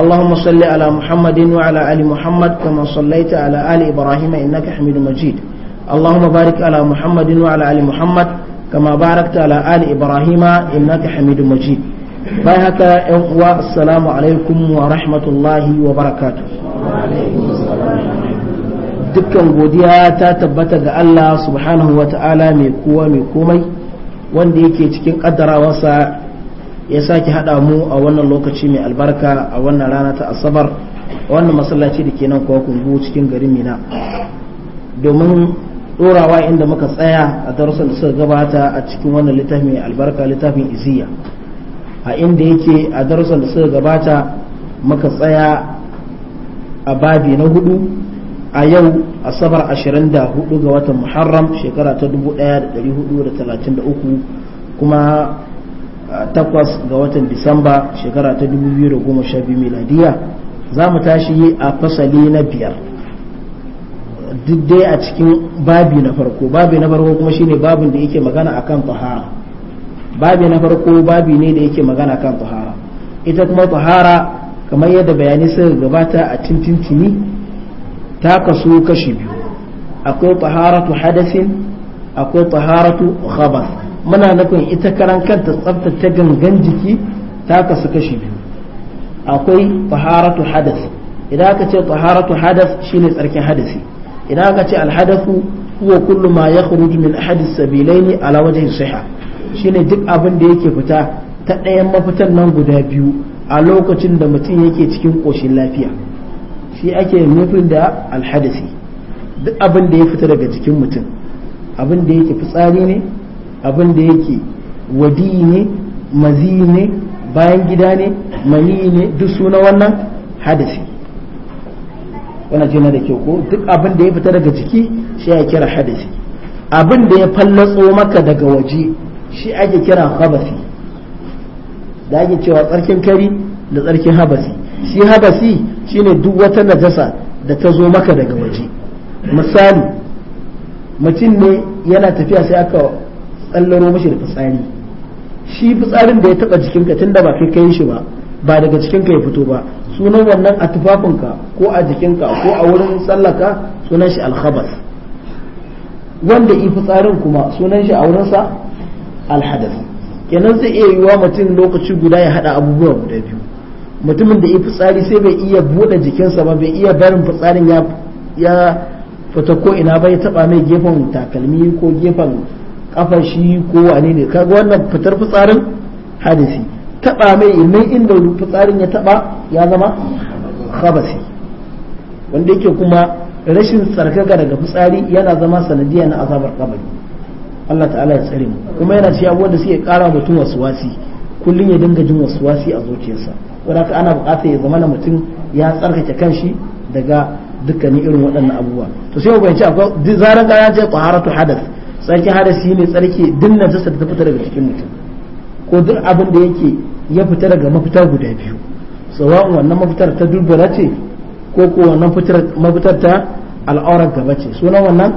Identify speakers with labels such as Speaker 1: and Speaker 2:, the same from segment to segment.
Speaker 1: اللهم صل على محمد وعلى آل محمد كما صليت على آل إبراهيم إنك حميد مجيد اللهم بارك على محمد وعلى آل محمد كما باركت على آل إبراهيم إنك حميد مجيد باهك السلام عليكم ورحمة الله وبركاته dukkan godiya ta tabbata ga Allah subhanahu wa ta'ala mai kowa mai komai wanda yake cikin kaddarawarsa ya sake haɗa mu a wannan lokaci mai albarka a wannan rana ta asabar wannan masallaci da ke nan kuwa kungu cikin garin mina domin ɗorawa inda muka tsaya a darussan da suka gabata a cikin wannan littafi mai albarka littafin iziya a inda yake a darussan da suka gabata muka tsaya a babi na hudu a yau asabar da hudu ga watan muharram shekara ta 1433 kuma takwas ga watan disamba shekara ta 2012 miladiya za mu tashi a fasali na biyar duk dai a cikin babi na farko babi na farko kuma shine babin da yake magana akan tahara babi na farko babi ne da yake magana kan tahara ita kuma tahara kamar yadda bayani suka gabata a tintintini ta kaso kashi biyu akwai taharatu hadasin akwai taharatu khabath muna nufin ita karan kanta tsaftace gangan jiki ta kasu kashi biyu akwai taharatu hadas idan aka ce taharatu hadas shine tsarkin hadasi idan aka ce alhadasu huwa kullu ma yakhruju min ahadi sabilaini ala wajhi siha shine duk abin da yake fita ta ɗayan mafitan nan guda biyu a lokacin da mutum yake cikin koshin lafiya shi ake nufin da alhadasi duk abin da ya fita daga jikin mutum abin da yake fitsari ne abin da yake wadi ne mazi ne bayan gida ne mani ne duk suna wannan hadisi wannan jina da kyau ko duk abin da ya fita daga jiki shi ya kira hadisi abin da ya fallatso maka daga waje shi ake kira habasi da ake cewa tsarkin kari da tsarkin habasi shi habasi shine duk wata najasa da ta zo maka daga waje misali mutum ne yana tafiya sai aka tsallaro mashi da fitsari shi fitsarin da ya taba jikinka tunda ba kai kai shi ba ba daga ka ya fito ba sunan wannan a tufafinka ko a jikinka ko a wurin tsallaka sunan shi alhabas wanda yi fitsarin kuma sunan shi a wurin sa alhadas kenan zai iya yiwa mutum lokaci guda ya hada abubuwa guda biyu mutumin da yi fitsari sai bai iya buɗe jikinsa ba bai iya barin fitsarin ya fita ko ina ba ya taba mai gefen takalmi ko gefen kafan shi ko wane ne kaga wannan fitar fitsarin hadisi taba mai ilmai inda fitsarin ya taba ya zama khabasi wanda yake kuma rashin tsarkaka daga fitsari yana zama sanadiyya na azabar kabari Allah ta'ala ya tsare mu kuma yana cewa wanda suke kara mutum waswasi kullum ya dinga jin waswasi a zuciyarsa wanda ana bukatar ya zama na mutum ya tsarkake kanshi daga dukkanin irin waɗannan abubuwa to sai mu bayyana akwai zaran ga ya je qaharatu hadath tsarki hadashi ne tsarki dinnan sassa ta fita daga cikin mutum ko duk abin da yake ya fita daga mafita guda biyu sawa'un wannan mafitar ta dubura ce ko ko wannan mafitar ta al'aurar gaba ce sunan wannan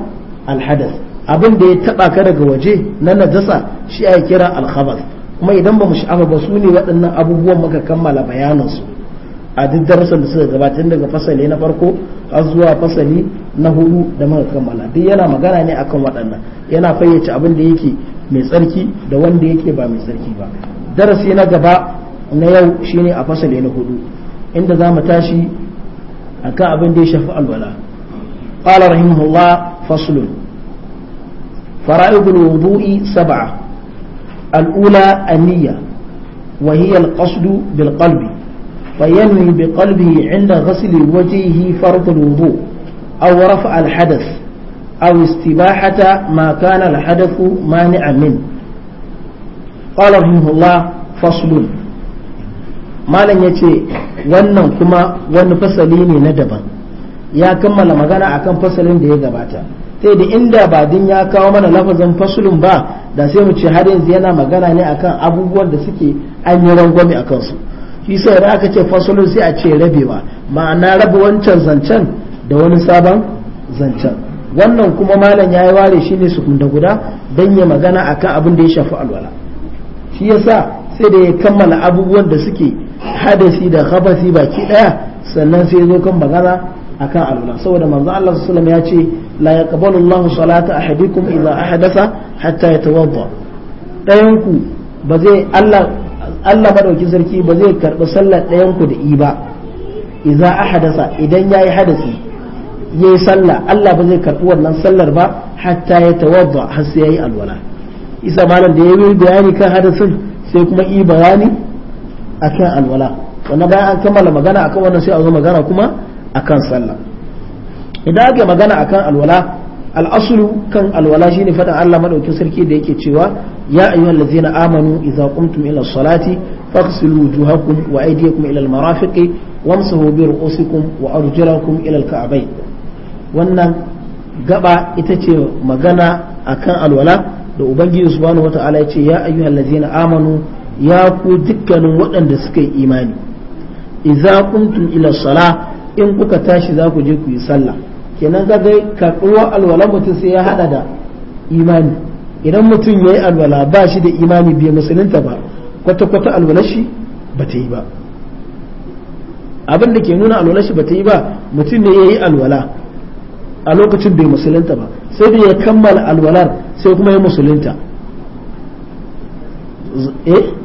Speaker 1: alhadas abin da ya taba ka daga waje na najasa shi ake kira alhabas kuma idan ba mu sha'afa ba su ne waɗannan abubuwan muka kammala bayanansu a duk darasin da suka gabata tun daga fasali na farko har zuwa fasali na hudu da muka kammala duk yana magana ne akan waɗannan yana fayyace abin da yake mai tsarki da wanda yake ba mai tsarki ba darasi na gaba na yau shine a fasali na hudu inda za mu tashi akan abin da ya shafi alwala qala rahimahullah faslun fara'idul wudu'i sab'a hiya al وهي bil qalbi فينوي بقلبه عند غسل وجهه فرض الوضوء أو رفع الحدث أو استباحة ما كان الحدث مانعا منه قال رحمه الله فصل malam ya ce wannan kuma wani fasali ne na daban ya kammala magana akan fasalin da ya gabata sai da inda ba din ya kawo mana lafazin faslun ba da sai mu ce har yanzu yana magana ne akan abubuwan da suke an yi rangwame a kansu shi sai da aka ce fasalun sai a ce rabewa ma'ana raba wancan zancen da wani sabon zancen wannan kuma malam ya yi ware shi ne sukunda guda don ya magana a kan abin da ya shafi alwala shi yasa sai da ya kammala abubuwan da suke hadasi da habasi baki daya sannan sai ya zo kan magana kan alwala saboda manzo Allah sallallahu ya ce la yaqbalu Allahu salata ahadikum idza ahadasa hatta yatawadda dayan ku ba zai Allah Allah madauki sarki ba zai karɓi sallar ɗayan ku da i ba a hadasa idan yayi hadasi yayi sallah Allah ba zai karɓi wannan sallar ba hatta ya tawadda har sai yayi alwala isa malam da ya yayi bayani kan hadasin sai kuma yi bayani akan alwala wannan bayan an kammala magana akan wannan sai a zo magana kuma akan sallah idan ake magana akan alwala al'asulu kan alwala shine faɗin Allah madaukin sarki da yake cewa ya ayyuhal allazina amanu idza qumtum ila salati faghsilu wujuhakum wa aydiyakum ila almarafiqi wamsahu bi ru'usikum wa arjulakum ila alka'bay wannan gaba ita ce magana akan alwala da ubangiji subhanahu wata'ala ya ce ya ayyuhal allazina amanu ya ku dukkanin waɗanda suka yi imani idza qumtum ila salah in kuka tashi za ku je ku yi sallah kenan ka ga karɓuwa alwala mutum sai ya haɗa da imani idan mutum ya yi alwala ba shi da imani bai musulunta ba kwata-kwata alwalar shi ba ta yi ba abin da ke nuna alwalar shi ba ta yi ba mutum ne ya yi alwala a lokacin bai musulunta ba sai da ya kammala alwalar sai kuma ya musulunta eh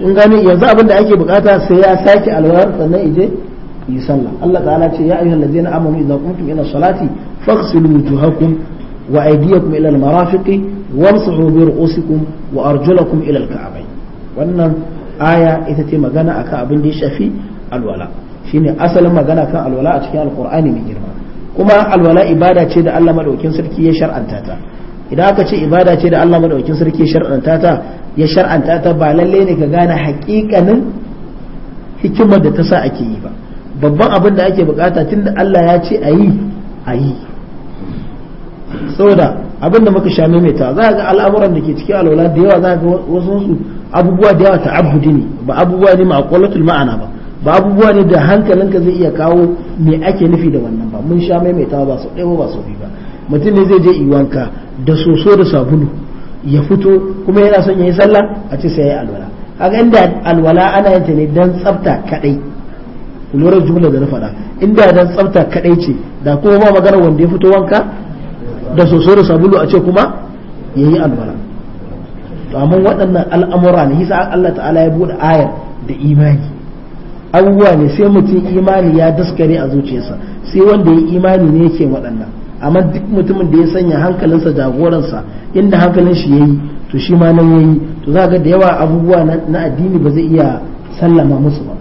Speaker 1: in gani yanzu abin da ake bukata sai ya sake alwalar sannan ije yi sallah Allah ta'ala ce ya ayyuhal ladzina amanu idza qumtum ila salati faghsilu wujuhakum wa aydiyakum ila al-marafiqi wamsahu bi ru'usikum wa arjulakum ila al-ka'bayn wannan aya ita ce magana akan abin da ya shafi alwala shine asalin magana kan alwala a cikin alqur'ani mai girma kuma alwala ibada ce da Allah madaukakin sarki ya shar'anta ta idan aka ce ibada ce da Allah madaukakin sarki ya shar'anta ta ya shar'anta ta ba lalle ne ka gane haƙiƙanin hikimar da ta sa ake yi ba babban abin da ake bukata da Allah ya ce ayi ayi saboda abin da muka mai maimaita za ga al'amuran da ke cikin alwala da yawa za ga wasu su abubuwa da yawa ta ta'abbudi ne ba abubuwa ne ma'aqalatul ma'ana ba ba abubuwa ne da hankalinka zai iya kawo me ake nufi da wannan ba mun sha maimaita ba su ɗaya ba su biyu ba mutum ne zai je yi wanka da soso da sabulu ya fito kuma yana son ya yi sallah a ce sai ya yi alwala kaga inda alwala ana yin ta ne dan tsafta kadai ku lura jumla da na faɗa inda dan tsafta kadai ce da kuma ba magana wanda ya fito wanka da soso da sabulu a ce kuma yayi albara to amma waɗannan al'amura ne hisa Allah ta'ala ya bude ayar da imani abubuwa ne sai mutum imani ya daskare a zuciyarsa sai wanda ya imani ne yake waɗannan amma duk mutumin da ya sanya hankalinsa jagoransa inda hankalin shi yayi to shi ma nan yayi to za ga da yawa abubuwa na addini ba zai iya sallama musu ba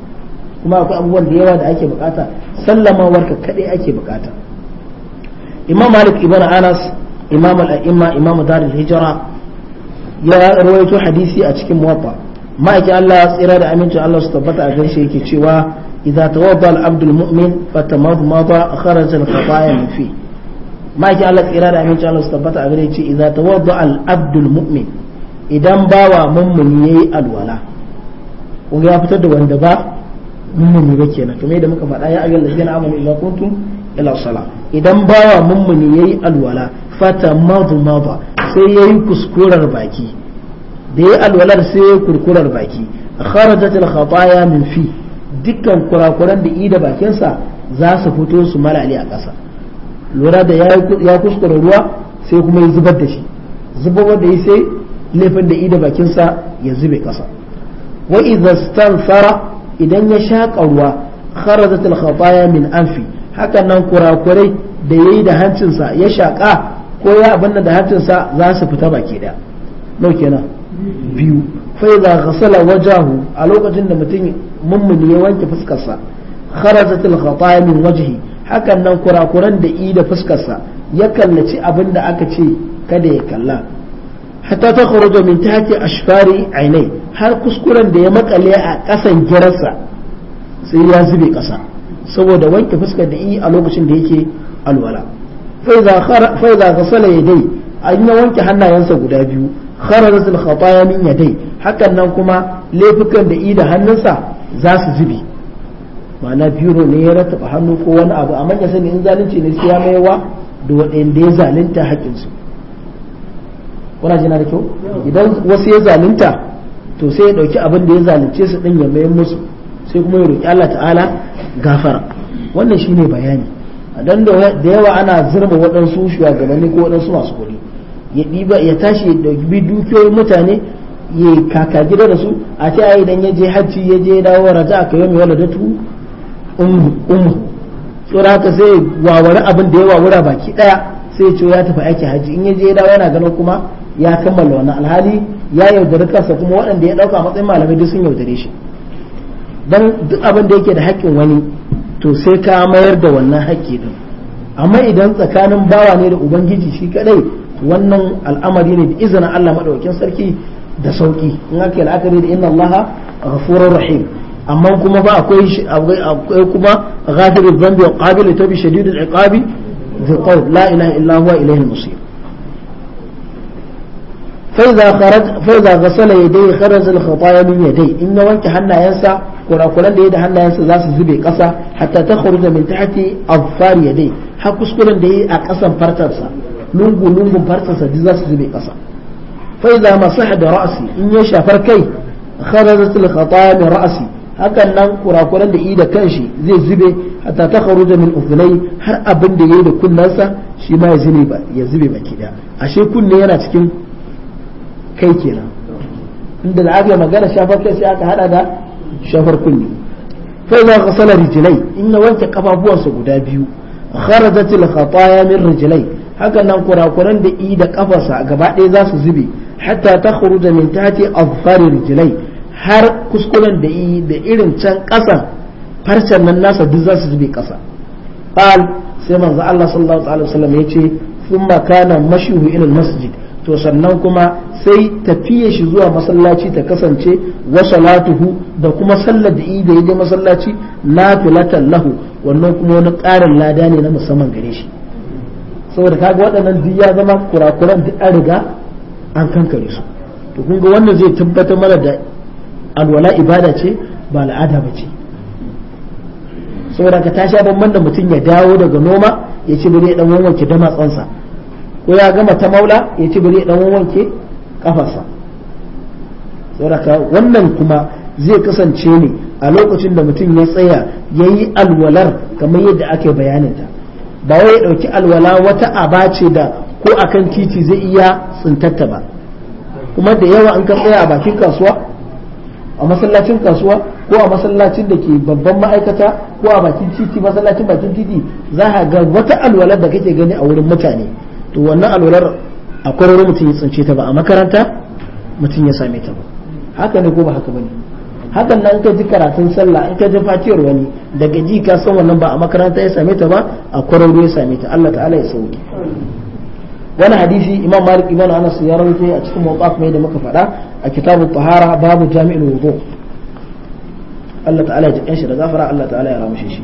Speaker 1: kuma akwai abubuwan da yawa da ake bukata sallamawar ka kadai ake bukata imam malik ibn anas imam al-a'imma imam darul hijra ya rawaito hadisi a cikin ma ake Allah tsira da amincin Allah su tabbata a gaishe yake cewa idza tawadda al-abdu al-mu'min fatamadmada kharaja al-khataya min fi ma'aikin Allah tsira da amincin Allah su tabbata a gaishe idza tawadda al-abdu al-mu'min idan bawa mummuni yayi alwala ko ya fitar da wanda ba mummuni ba kenan kamar yadda muka faɗa ya ayyuhal ladina amanu idza kuntum ila sala idan bawa mummuni yayi alwala fata madu mada sai yayi kuskurar baki da yayi alwalar sai yayi kurkurar baki kharajat al khataya min fi dukkan kurakuran da ida bakinsa za su fito su malali a ƙasa lura da ya kuskura ruwa sai kuma ya zubar da shi zubar da sai laifin da ida bakinsa ya zube ƙasa wa idza stanfara idan ya shaƙa ruwa kharajat al khataya min anfi hakan nan kurakurai da yayi da hancinsa ya shaƙa ko ya abin da hancinsa za su fita baki da nau kenan biyu fa idza ghasala wajahu a lokacin da mutum mummuni ya wanke fuskarsa kharajat al khataya min wajhi hakan nan kurakuran da yi da fuskarsa ya kallaci abin da aka ce kada ya kalla hatta ta khuruja min tahti ashfari ainai har kuskuren da ya makale a kasan girarsa sai ya zube kasa saboda wanke fuskar da yi a lokacin da yake alwala fa iza ghasala yadai an ya wanke hannayensa guda biyu kharajat al khataya min yadai hakan nan kuma laifukan da yi da hannunsa za su zube ma'ana biro ne ya rattaba hannu ko wani abu amma ya sani in zalunci na siya ya maiwa da waɗanda ya zalunta haƙƙinsu kuna jina da kyau idan wasu ya zalunta to sai ya dauki abin da ya zalunce su din ya mayar musu sai kuma ya roki Allah ta'ala gafara wannan shine bayani dan da yawa ana zurba waɗansu shugabanni ko waɗansu masu kuɗi ya ɗiba ya tashi ya dauki dukiyoyin mutane ya kaka gida da su a ce ai idan ya je hajji ya je dawo a aka yi wala da tu umu tsura haka sai wawari abin da yawa wura baki ɗaya sai ya ce ya tafi aiki hajji in ya je dawo yana ganin kuma ya kammala wannan alhali ya yaudari kansa kuma waɗanda ya ɗauka matsayin malamai duk sun yaudare shi don duk abin da yake da haƙƙin wani to sai ka mayar da wannan haƙƙi din amma idan tsakanin bawa ne da ubangiji shi kadai wannan al'amari ne da izinin Allah madaukakin sarki da sauki in aka yi la'akari da inna Allah ghafurur rahim amma kuma ba akwai akwai kuma ghafirul dhanbi wa qabilu tawbi shadidul iqabi la ilaha لا إله إلا هو إليه فإذا خرج فإذا غسل يديه خرج الخطايا من يديه إن وانك حنا ينسى كنا كنا دي حنا ينسى ذاس زبي قصا حتى تخرج من تحت أظفار يديه حكس كنا دي أقصا فرتنسا لونغو لونغو فرتنسا دي ذاس زبي قصا فإذا مسح برأسي إن يشافر كي خرجت الخطايا من رأسي hakan nan kurakuran da i da kanshi zai zube hatta ta kharuja min ufunai har abin da yayi da kunnansa shi ma ya zube ba ya zube baki da ashe kunne yana cikin kai kenan inda da aka magana shafar kai sai aka hada da shafar kulli fa idza ghasala rijlai in ya wanke kafafuwansa guda biyu kharajat al khataya min rijilai haka nan kurakuran da i da kafarsa gaba ɗaya za su zube hatta takhruja min tahti azfari rijilai har kuskuren da i da irin can ƙasa farcen nan nasa duk za su zube ƙasa qal sai manzo Allah sallallahu alaihi wasallam yace thumma kana mashihu ila masjid to sannan kuma sai tafiye shi zuwa masallaci ta kasance wa salatuhu da kuma sallar da ida ya je masallaci nafilatan lahu wannan kuma wani ƙarin lada ne na musamman gare shi saboda kaga waɗannan duk ya zama kurakuran duk an riga an kankare su to kun ga wannan zai tabbatar mana da alwala ibada ce ba al'ada ba ce saboda ka ta sha bamban da mutum ya dawo daga noma ya ce bari ya dan wanke damatsansa ko ya gama ta maula ya ci bari dan wanke kafarsa saboda wannan kuma zai kasance ne a lokacin da mutum ya tsaya ya yi alwalar kamar yadda ake bayaninta ba wai ya ɗauki alwala wata aba ce da ko akan titi zai iya tsintatta ba kuma da yawa an ka tsaya a bakin kasuwa a masallacin kasuwa ko a masallacin da ke babban ma'aikata ko a bakin titi masallacin bakin titi za ka ga wata alwalar da kake gani a wurin mutane to wannan alwalar a kwararo mutum ya tsince ta ba a makaranta mutum ya same ta ba haka ne ko ba haka bane hakan nan ka ji karatun sallah in ka ji fatiyar wani daga ji ka san wannan ba a makaranta ya same ta ba a kwararo ya same ta Allah ta'ala ya sauke wani hadisi imam malik ibn anas ya rawaito a cikin mawqaf mai da muka faɗa a kitabu tahara babu jami'ul wudu Allah ta'ala ya jikin shi da zafara Allah ta'ala ya ramushe shi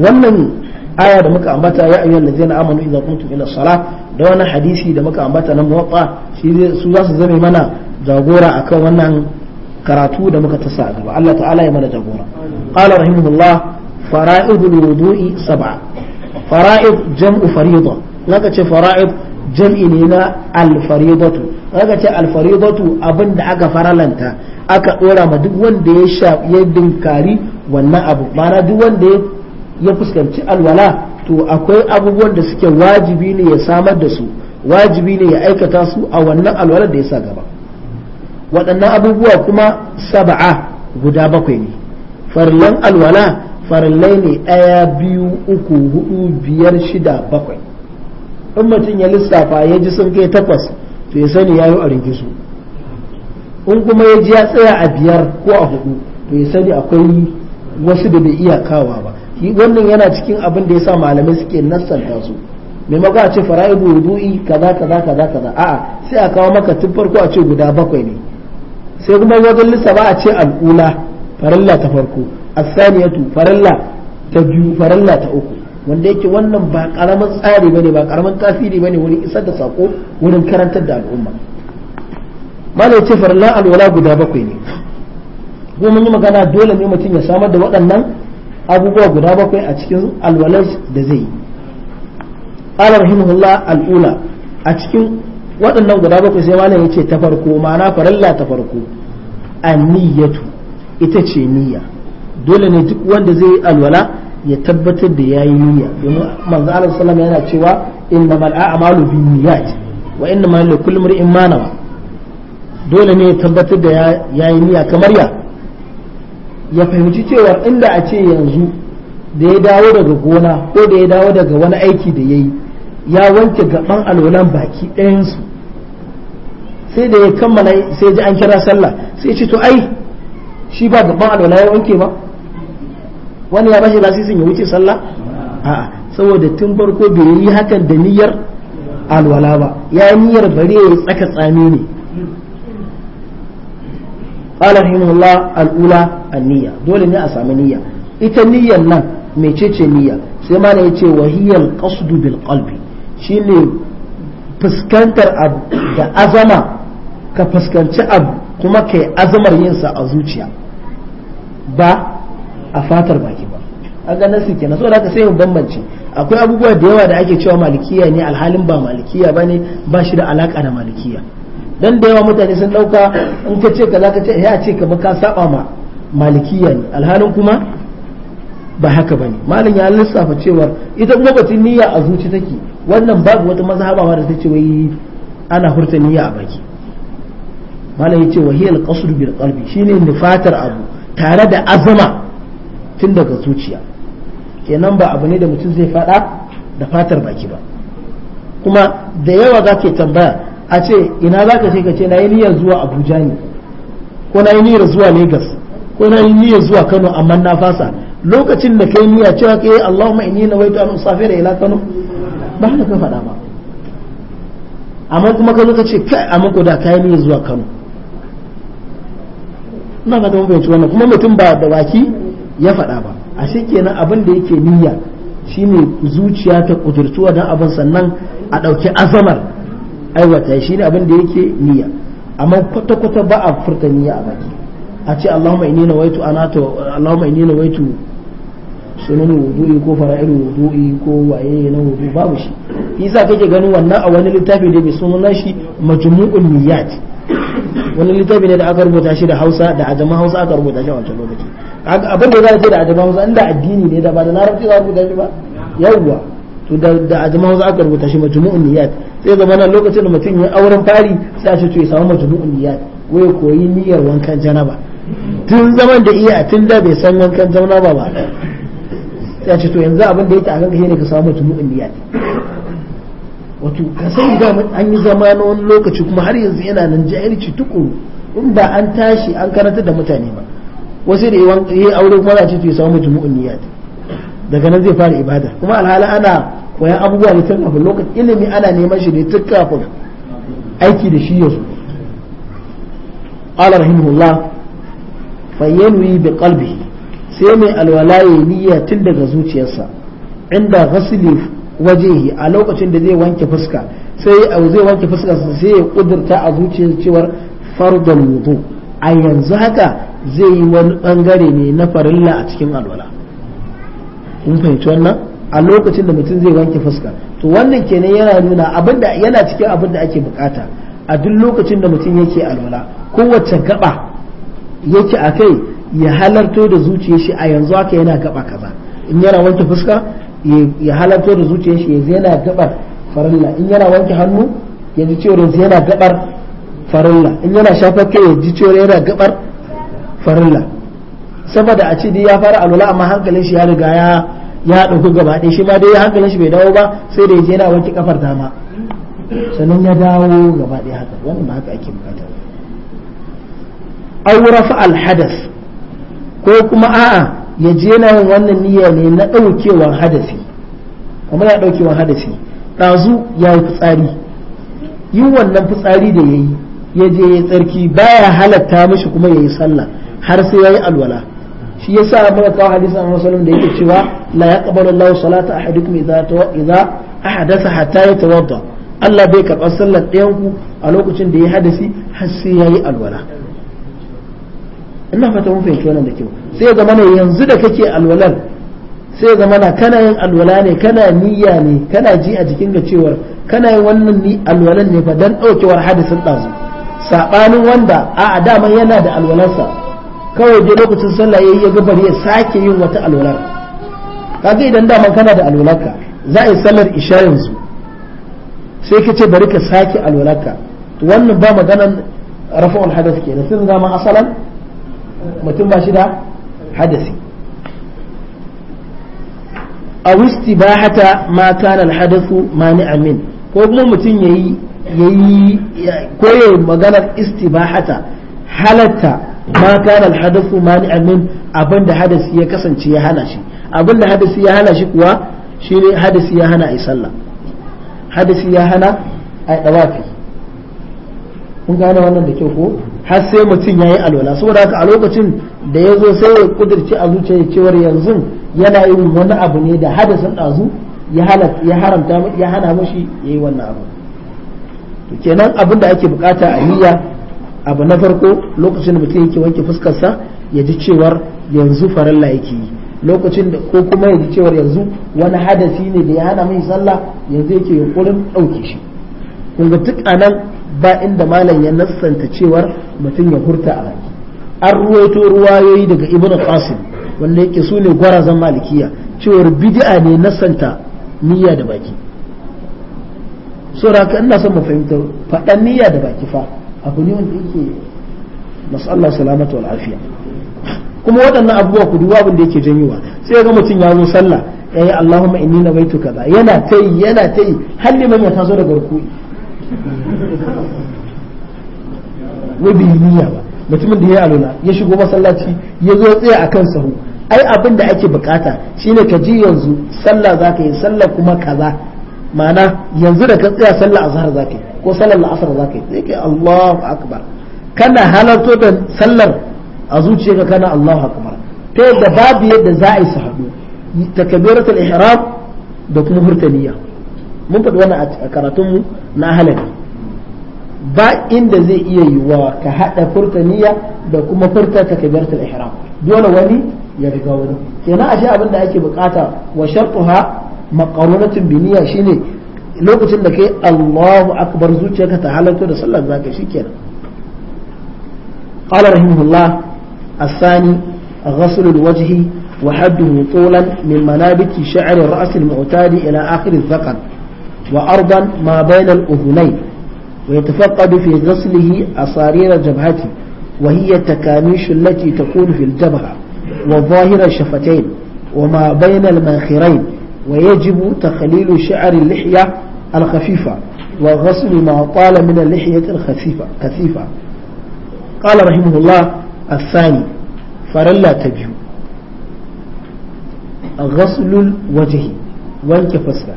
Speaker 1: wannan aya da muka ambata ya ayyuhal ladzina amanu idza qumtum ila salah da wani hadisi da muka ambata na muwatta shi su za su zame mana jagora akan wannan karatu da muka tasa a gaba Allah ta'ala ya mana jagora qala rahimahullah fara'idul wudu'i sab'a fara'id jam'u farida naka ce fara'id jam'i ne na al-faridatu naka ce al-faridatu abinda aka faralanta aka dora ma duk wanda ya sha ya dinkari wannan abu mana duk wanda ya ya fuskanci alwala to akwai abubuwan da suke wajibi ne ya samar da su wajibi ne ya aikata su a wannan alwalar da ya sa gaba waɗannan abubuwa kuma saba'a guda bakwai ne farillan alwala farillai ne ɗaya biyu uku hudu biyar shida bakwai in mutum ya lissafa ya ji sun kai takwas to ya sani ya yi a su in kuma ya ji ya tsaya a biyar ko a hudu to ya sani akwai wasu da bai iya kawa ba wannan yana cikin abin da yasa malamai suke nassanta su maimako a ce fara'idu wudu'i kaza kaza kaza kaza a'a sai a kawo maka tun farko a ce guda bakwai ne sai kuma wajen ba a ce al'ula farilla ta farko asaniyatu faralla farilla ta biyu farilla ta uku wanda yake wannan ba karamin tsari bane ba karamin tasiri bane wurin isar da sako wurin karantar da al'umma malai ce farilla al'ula guda bakwai ne kuma mun yi magana dole ne mutum ya samar da waɗannan abubuwa guda bakwai a cikin alwalar da zai yi qala rahimahullah al'ula a cikin waɗannan guda bakwai sai malam ce ta farko ma'ana farilla ta farko aniyatu niyyatu ita ce niyya dole ne duk wanda zai yi alwala ya tabbatar da yayi niyya domin manzo Allah sallallahu yana cewa innamal a'malu binniyat wa innamal likulli imrin ma nawa dole ne ya tabbatar da yayi niyya kamar ya ya fahimci cewa inda a ce yanzu da ya dawo daga gona ko da ya dawo daga wani aiki da ya yi ya wanke gaban alolan baki ɗayansu sai da ya kammala sai ji an kira sallah sai ce to ai shi ba gaban alola ya wanke ba wani ya bashi lasisin ya wuce sallah a'a saboda tun farko bai yi hakan da niyyar alwala ba ya niyyar bari ya tsaka tsami ne قال رحمه الله الأولى النية دول ne a sami niyya ita niyyar nan mecece niyya sai ma ne yace wahiyal qasdu bil qalbi shine fuskantar abu da azama ka fuskanci abu kuma kai azamar yinsa a zuciya ba a fatar baki ba aga nasi kenan saboda haka sai mu bambance akwai abubuwa da yawa da ake cewa malikiya ne alhalin ba malikiya bane ba shi da alaka da malikiya dan da yawa mutane sun dauka in ka ce za ka ce ya eh, ce kamar ka saba ma malikiya ne alhalin kuma ba haka bane malin ya lissafa cewar ita lokacin niyya a zuci take wannan babu wata mazhaba da ta ce wai ana hurta niyya a baki malam ce wa hiya al-qasd bil qalbi shine nifatar abu tare da azama tun daga zuciya kenan ba abu ne da mutum zai fada da fatar baki ba kuma da yawa zake tambaya a ce ina za ka sai ka ce na yi niyyar zuwa abuja ne ko na yi niyyar zuwa lagos ko na yi niyyar zuwa kano amma na fasa lokacin da kai niyya cewa ke allahumma inni nawaitu safe da ila kano ba haka ka faɗa ba amma kuma ka zo ce kai a mako da kai niyyar zuwa kano ina ga mun bayyana wannan kuma mutum ba da baki ya faɗa ba ashe kenan abin da yake niyya shine zuciya ta kudurtuwa dan abin sannan a ɗauki azamar aiwata shi ne abin da yake niyya amma kwata kwata ba a furta niyya a baki a ce Allahumma inni nawaitu anata Allahumma inni waitu sunan wudu'i ko fara'il wudu'i ko waye na wudu babu shi yasa kake ganin wannan a wani littafi da bai sunan shi majmu'un niyyat wani littafi ne da aka rubuta shi da Hausa da jama'a Hausa aka rubuta shi a wancan lokaci abin da za a ce da ajaman Hausa inda addini ne da ba da larabci za a rubuta shi ba yawwa to da a jama'a za aka rubuta shi majmu'un niyyat sai zama nan lokacin da mutum ya auren fari sai a ce to ya samu majmu'un niyyat ko ya koyi niyyar wankan janaba tun zaman da iya tun da bai san wankan janaba ba sai a ce to yanzu abin da yake a kanka shine ka samu majmu'un niyyat wato ka sai da an yi zama na wani lokaci kuma har yanzu yana nan jahilci tukuru in ba an tashi an karanta da mutane ba wasu da yi aure kuma za a ce to ya samu majmu'un niyyat daga nan zai fara ibada kuma alhala ana koyan abubuwa ne tun kafin lokacin ilimi ana neman shi ne tun kafin aiki da shi yanzu qala rahimahullah fa yanwi bi qalbihi sai mai alwala ya niyya tun daga zuciyarsa inda ghasli wajehi a lokacin da zai wanke fuska sai zai wanke fuska sai ya kudurta a zuciyar cewar fardal wudu a yanzu haka zai yi wani bangare ne na farilla a cikin alwala kun fahimci wannan a lokacin da mutum zai wanke fuska to wannan kenan yana nuna abinda yana cikin abin da ake bukata a duk lokacin da mutum yake alwala kowace gaba yake a kai ya halarto da zuciyar shi a yanzu haka yana gaba kaza in yana wanke fuska ya halarto da zuciyar shi yanzu yana gabar farilla in yana wanke hannu ya ji cewa yanzu yana gabar farilla in yana shafa kai ya ji cewa yana gabar farilla saboda a ce dai ya fara alwala amma hankalin shi ya riga ya ya dauki gaba ɗaya shi ma dai hankalin shi bai dawo ba sai da ya je yana wanke kafar dama sannan ya dawo gaba ɗaya haka wannan ba haka ake bukata aw rafa al hadas ko kuma a'a ya je yana yin wannan niyya ne na ɗaukewar hadasi kuma ya hadasi ɗazu ya yi fitsari yin wannan fitsari da yayi yi ya je ya tsarki baya halatta mishi kuma yayi sallah har sai yayi alwala shi yasa muka kawo hadisin Annabi sallallahu da yake cewa la yaqbalu Allahu salata ahadukum idza idza ahadatha hatta yatawadda Allah bai karɓar sallar ɗayan ku a lokacin da ya hadasi har sai yayi alwala ina fata mun fahimci wannan da kyau sai ya zama ne yanzu da kake alwalar sai ya zama kana yin alwala ne kana niyya ne kana ji a jikin ga cewa kana yin wannan ni alwalan ne fa dan daukewar hadisin ɗazu sabanin wanda a dama yana da alwalarsa kawai dai lokacin sallah yayi ya gabar ya sake yin wata alwalar kaga idan dama kana da alwalarka za a yi sallar isha yanzu sai ka ce bari ka sake alwalarka wannan ba maganan rafa'ul hadath kenan sun zama asalan mutum ba shi da hadasi a wisti ba hata ma kana alhadathu mani amin ko kuma mutum yayi yayi ko yayi maganar istibahata halatta ma kana alhadathu mani'an min abinda hadasi ya kasance ya hana shi abinda hadasi ya hana shi kuwa shine hadasi ya hana ai sallah hadasi ya hana ai dawafi kun gane wannan da kyau ko har sai mutum yayi alwala saboda haka a lokacin da ya zo sai ya kudirce a zuciya cewar yanzu yana yin wani abu ne da hadasin dazu ya ya haramta ya hana mashi yayi wannan abu to kenan abin da ake bukata a niyya abu na farko lokacin da mutum yake wanke fuskarsa ya ji cewar yanzu faralla yake yi lokacin da ko kuma ya ji cewar yanzu wani hadasi ne da ya hana mai sallah yanzu yake yunkurin ɗauke shi kun ga duk anan ba inda malam ya nassanta cewar mutum ya hurta a baki an ruwaito ruwayoyi daga ibnu qasim wanda yake su ne gwarazan malikiya cewar bid'a ne nassanta niyya da baki saboda haka ina son mu fahimta faɗan niyya da baki fa abu ne wanda yake masu Allah salamatu wal afiya kuma waɗannan abubuwa ku duba abin da yake janyowa sai ga mutum ya zo sallah yayi eh, Allahumma inni baitu kaza yana ta yi yana ta yi har ne ya taso daga rukuni wai bai niyya ba mutumin da ya yi alula ya shigo masallaci ya zo tsaye a kan sahu ai abin da ake bukata shine ka ji yanzu sallah zaka yi sallah kuma kaza ma'ana yanzu da ka tsaya sallar azhar zaka ko sallar la'asar zaka yi sai Allahu akbar kana halarto da sallar a zuciyarka kana Allahu akbar ta yadda babu yadda za a yi su haɗu takabiratul ihram da kuma hurtaniya mun faɗi wannan a karatun mu na halaka ba inda zai iya yiwuwa ka haɗa furtaniya da kuma furta takabiratul ihram dole wani ya riga wani kenan ashe abin da ake bukata wa shartuha maqarunatin biniya shine lokacin da kai Allahu akbar zuciyarka ta halarta da sallar zaka shikenan qala rahimahullah الثاني غسل الوجه وحده طولا من منابت شعر الرأس المعتاد إلى آخر الذقن وأرضا ما بين الأذنين ويتفقد في غسله أصارير جبهته وهي التكاميش التي تكون في الجبهة وظاهر الشفتين وما بين المنخرين ويجب تخليل شعر اللحية الخفيفة وغسل ما طال من اللحية الخفيفة كثيفة قال رحمه الله الثاني فرلا تبيو غسل الوجه wanke fuska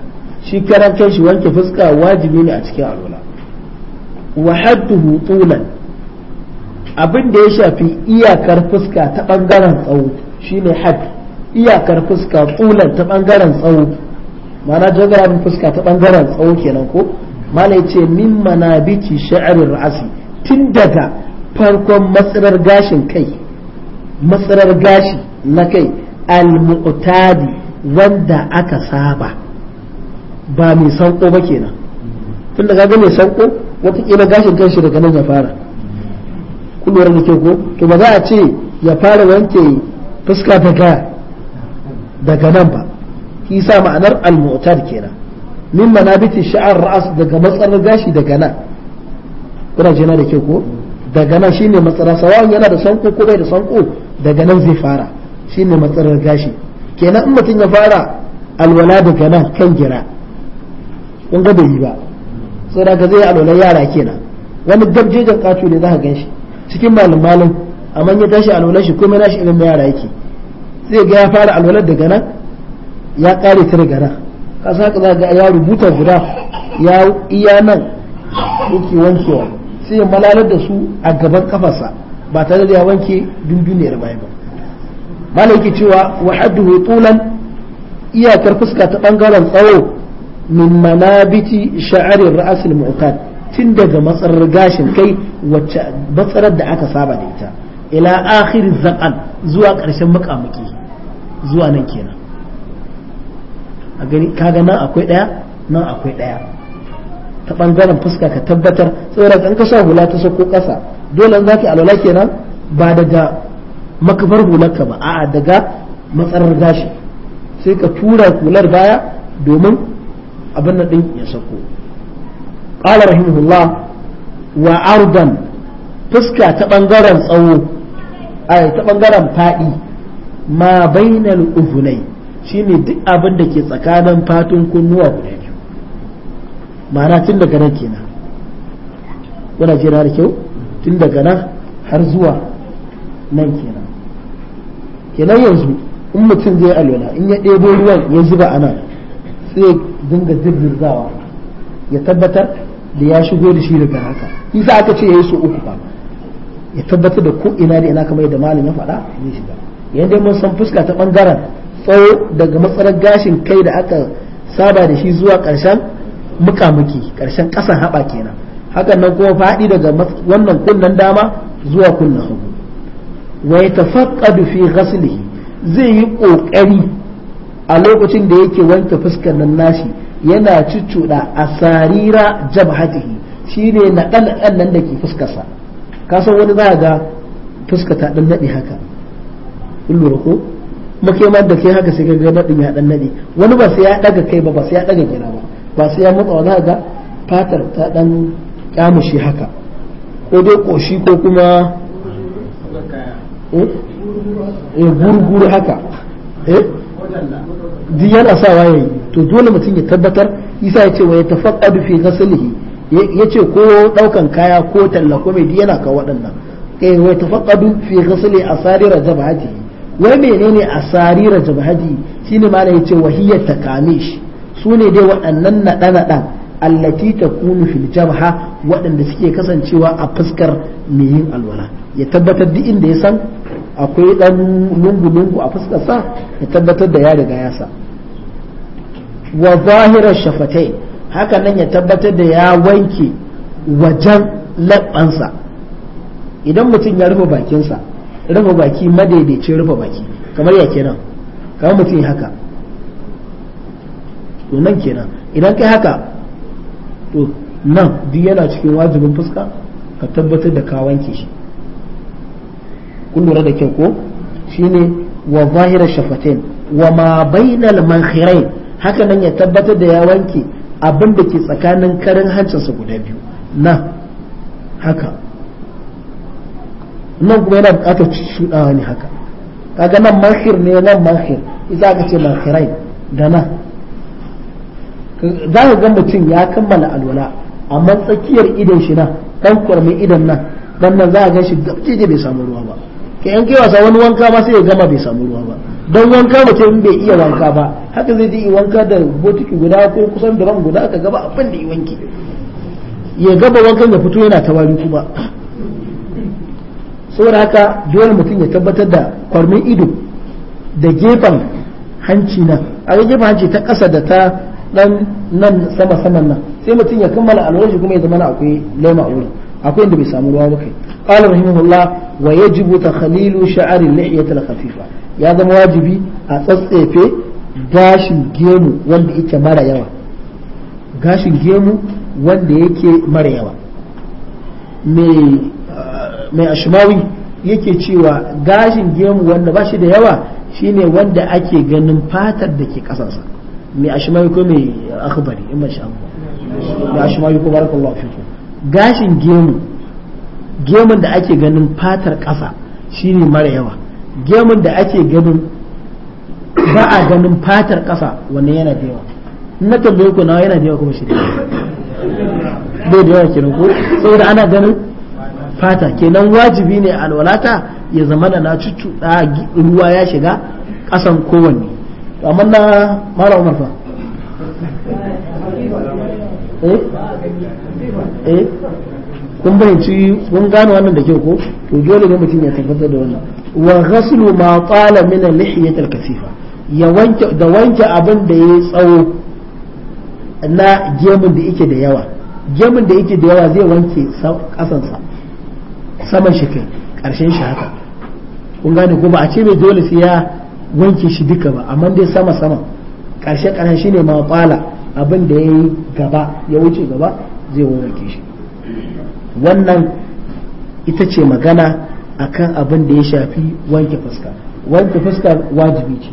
Speaker 1: shi karan kanshi wanke fuska wajibi ne a cikin alwala wa abin da ya shafi iyakar fuska ta ɓangaren tsawo shine hadd iyakar fuska kulan ta bangaren tsawo mana jagarabin fuska ta bangaren tsawo kenan ko mana yace min manabiti sha'arin ra'si tun daga farkon matsirar gashin kai matsirar gashi na kai al-mu'tadi wanda aka saba ba mai sanko ba kenan tun daga ga mai sanko wataƙila gashin kanshi daga nan ya fara kullum da ke ko to ba za a ce ya fara wanke fuska ta kaya daga nan ba sa ma'anar al-mu'tar kenan min manabiti sha'ar ra'as daga matsarar gashi daga nan kuna jina da ke ko daga nan shine matsara sawan yana da sanko ko bai da sanko daga nan zai fara shine matsarar gashi kenan in mutum ya fara alwala daga nan kan gira kun ga bai yi ba sai daga zai alwala yara kenan wani gabjejin kacu ne za ka gan shi cikin malum malum amma ya tashi alwala shi komai nashi irin yara yake zai ga ya fara alwalar daga nan ya kare ta daga nan kasa haka za ga ya rubuta guda ya iya nan yake wankewa sai ya malalar da su a gaban kafarsa ba tare da ya wanke dunduniyar baya ba malai yake cewa wa hadduhu tulan iyakar fuska ta bangaren tsawo min manabiti sha'arin ra'asul mu'tad tun daga matsarar gashin kai wacce matsarar da aka saba da ita ila akhir zaqan zuwa ƙarshen makamaki zuwa nan kenan a gani kaga nan akwai ɗaya nan akwai ɗaya ta ɓangaren fuska ka tabbatar tsoron ɗan ka hula ta sauko ƙasa dole za ka alwala kenan ba daga makabar ka ba a'a daga matsarar gashi sai ka tura hular baya domin abin nan ɗin ya sako قال رحمه wa ardan fuska ta ɓangaren tsawo a ta bangaren faɗi ma bainal uzunai shine duk abin da ke tsakanin fatun kunnuwa guda biyu ma'ana tun daga nan kenan kuna jira da kyau tun daga nan har zuwa nan kenan kenan yanzu in mutum zai alwala in ya ɗebo ruwan ya zuba a nan sai dinga zirzirzawa ya tabbatar da ya shigo da shi daga haka isa aka ce ya yi so uku ba ya tabbatar da ko ina da ina kamar yadda malam ya faɗa zai shiga yadda mun san fuska ta ɓangaren tsawo daga matsalar gashin kai da aka saba da shi zuwa ƙarshen mukamuki ƙarshen ƙasan haɓa kenan hakan nan kuma faɗi daga wannan kunnen dama zuwa kunnen hagu wa yatafaqqadu fi ghaslihi zai yi ƙoƙari a lokacin da yake wanke fuskar nan nashi yana cuccuɗa a sarira jabhatihi shine naɗa-naɗan nan da ke fuskarsa ka san wani za a ga fuska ta dan nadi haka in lura ko makemar da kai haka sai ga nadin ya dan nadi wani ba sai ya daga kai ba ba sai ya daga gina ba ba sai ya wani za ga fatar ta dan kyamushi haka ko dai koshi ko kuma eh,
Speaker 2: eh gurguru haka
Speaker 1: eh duk yana sa yayi to dole mutum ya tabbatar isa ya ce wa ya tafaqqadu fi ghaslihi ya ce ko ɗaukan kaya ko talla ko yana ka waɗannan kai eh, wai tafaqqadu fi ghusli asarira jabhati wai menene asarira jabhati shine ma ya ce wahiyat takamish sune dai waɗannan naɗa naɗa allati takunu fil jabha waɗanda suke kasancewa a fuskar mai yin alwala ya tabbatar duk inda ya san akwai ɗan lungu-lungu a fuskarsa ya tabbatar da ya riga ya sa wa zahirar shafatai haka nan ya tabbatar da ya wanke wajen labansa idan mutum ya rufe bakinsa rufe baki madaidaicin rufe baki kamar ya kenan kamar mutum haka to nan kenan idan kai haka to nan duk yana cikin wajibin fuska ka tabbatar da ka wanke shi kun lura da kyau ko shine wa zahira shafatain wa ma bainal mankhirain haka nan ya tabbatar da ya wanke abin da ke tsakanin karin hancinsa guda biyu na haka nan kuma yana bukatar shudawa ne haka kaga nan mahir ne nan mahir isa aka ce mahirai da nan za ka ga mutum ya kammala alwala amma tsakiyar idan shi nan ɗan kwarmi idan nan dan za a gan shi gabje bai samu ruwa ba Ka yanke wasa wani wanka ma sai ya gama bai samu ruwa ba don wanka mace in bai iya wanka ba haka zai je wanka da botiki guda ko kusan drum guda ka gaba abin da wanki ya gaba wankan ya fito yana tawari kuma saboda haka dole mutum ya tabbatar da kwarmin ido da gefen hanci nan a gefen hanci ta ƙasa da ta dan nan sama saman nan sai mutum ya kammala alwashi kuma ya zama akwai lema a wurin akwai inda bai samu ruwa ba kai qala rahimahullah wa yajibu takhlilu sha'ri al-lihyati al-khafifa ya zama wajibi a tsatsefe gashin gemu wanda yake mara yawa gashin gemu wanda yake mara yawa mai ashmawi yake cewa gashin gemu wanda ba shi da yawa shine wanda ake ganin fatar da ke kasansa mai ashmawi ko mai akhbari in masha Allah mai ashmawi ko barakallahu fikum gashin gemu gemun da ake ganin fatar ƙasa shine mara yawa gemun da ake ganin ba a ganin fatar ƙasa wannan yana da yawa na tambaye ku nawa yana da yawa kuma shi bai da yawa kenan ko saboda ana ganin fata kenan wajibi ne alwalata ya zama da na da ruwa ya shiga ƙasan kowanne amma na mara umar fa
Speaker 2: eh eh kun bayanci
Speaker 1: kun gano wannan da kyau ko to dole ne mutum ya tabbatar da wannan wa ghaslu ma qala min al-lihiyat al-kasifa ya wanke da wanke abin da ya tsawo na gemun da yake da yawa gemun da yake da yawa zai wanke sa saman shi kai karshen shi haka kun gane ko ba a ce mai dole sai ya wanke shi duka ba amma dai sama sama karshe karshe shine ma qala abin da yayi gaba ya wuce gaba zai shi wannan ita ce magana akan abin da ya shafi wanke fuska wanke fuska wajibi ce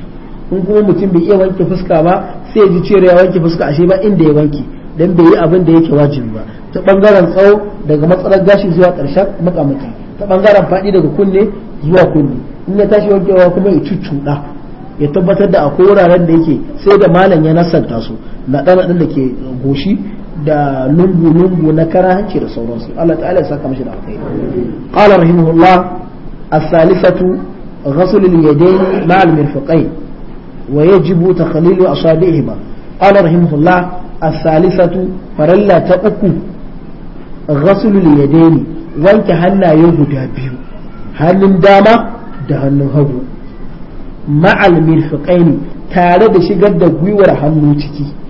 Speaker 1: in kuma mutum bai iya wanke fuska ba sai ji cewa ya wanke fuska ashe ba inda ya wanke dan bai yi abin da yake wajibi ba ta bangaren tsawo daga matsalar gashi zuwa ƙarshen makamaki ta bangaren faɗi daga kunne zuwa kunne in ya tashi wankewa kuma ya cuccuɗa ya tabbatar da akwai wuraren da yake sai da malam ya nasanta su na ɗan da ke goshi da lungu-lungu na karahanci da sauransu Allah ta'ala ya saka mashi da alkhairi qala rahimahullah as-salisatu ghasl al-yadayn ma'a al-mirfaqayn wa yajibu takhlil asabi'ihima qala rahimahullah as-salisatu faralla ta uku ghasl al-yadayn wanke hannaye guda biyu hannun dama da hannun hagu ma'a al-mirfaqayn tare da shigar da gwiwar hannu ciki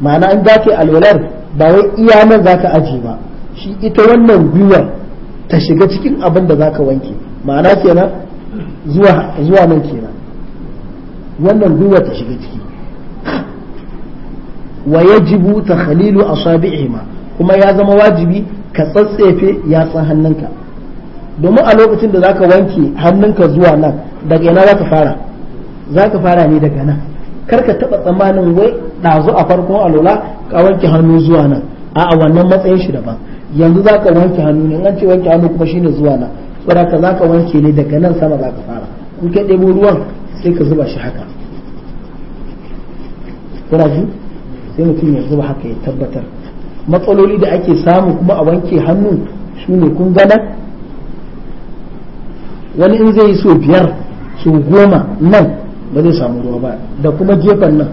Speaker 1: ma'ana an dace alwalar ba wai iya nan zaka aji ba shi ita wannan gwiwar ta shiga cikin abin da zaka wanke ma'ana kenan zuwa zuwa nan kenan wannan gwiwar ta shiga ciki wa yajibu khalilu asabi'ihima kuma ya zama wajibi ka tsatsefe yatsan hannunka domin a lokacin da zaka wanke hannunka zuwa nan daga ina zaka fara zaka fara ne daga nan kar ka taba tsammanin wai ɗazu a farkon lula ka wanke hannu zuwa nan a'a wannan matsayin shi daban yanzu za ka wanke hannu ne an ce wanke hannu kuma shine zuwa nan saboda ka za ka wanke ne daga nan sama za ka fara in ka ɗebo ruwan sai ka zuba shi haka kuna sai mutum ya zuba haka ya tabbatar matsaloli da ake samu kuma a wanke hannu su ne kun gana wani in zai yi so biyar so goma nan ba zai samu ruwa ba da kuma gefen nan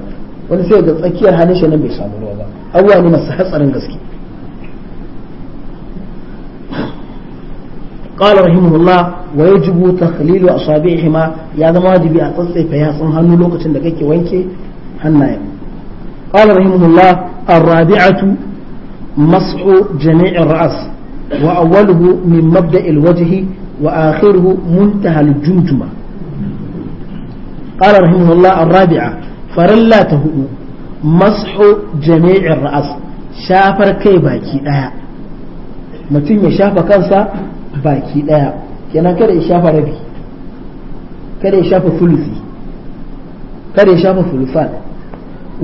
Speaker 1: wani sai ga tsakiyar hannun shi nan bai samu ruwa ba abubuwa ne masu hatsarin gaske قال رحمه الله ويجب تخليل أصابعهما يا ما واجبي أتصي فيا صنهن لوكة لكيك وينك هنايا قال رحمه الله الرابعة مسح جميع الرأس وأوله من مبدأ الوجه وآخره منتهى الجمجمة قال رحمه الله الرابعة farilla ta hudu mashu jami'in ra'as shafar kai baki daya mutum ya shafa kansa baki daya kenan kada ya shafa rabi kada ya shafa sulusi kada ya shafa sulusan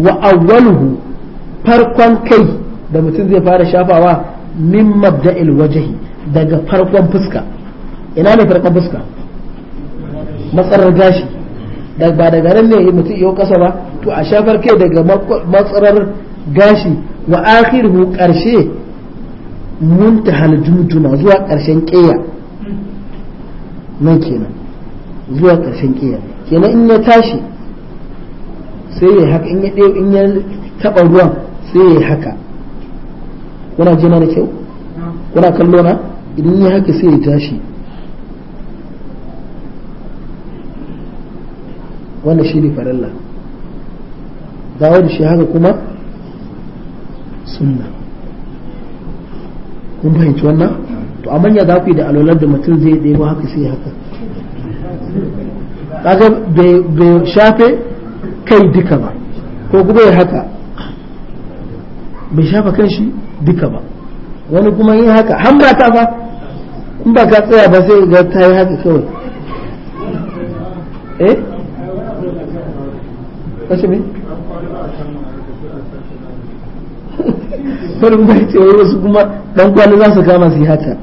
Speaker 1: wa awwaluhu farkon kai da mutum zai fara shafawa min mabda'il wajhi daga farkon fuska ina ne farkon fuska matsalar gashi da ba daga nan ne mutum yau kasa ba to a shafar kai daga matsarar gashi wa akhiru karshe muntahal jumtuma zuwa karshen ƙeya nan kenan zuwa karshen ƙeya kenan in ya tashi sai ya haka in ya ɗaya in ya taɓa ruwan sai ya haka kuna jina da kyau kuna kallo na idan ya haka sai ya tashi wannan shi ne farilla dawo da shi haka kuma sunna kun fahimci wannan to amma ya zafi da alolar da mutum zai ɗebo haka sai haka kaga bai shafe kai duka ba ko kuma ya haka bai shafa kan shi duka ba wani kuma yin haka hamma ta fa in ba ka tsaya ba sai ga ta yi haka kawai eh
Speaker 2: wace ne farin
Speaker 1: bai ce wai wasu kuma dan kwali za su kama su yi haka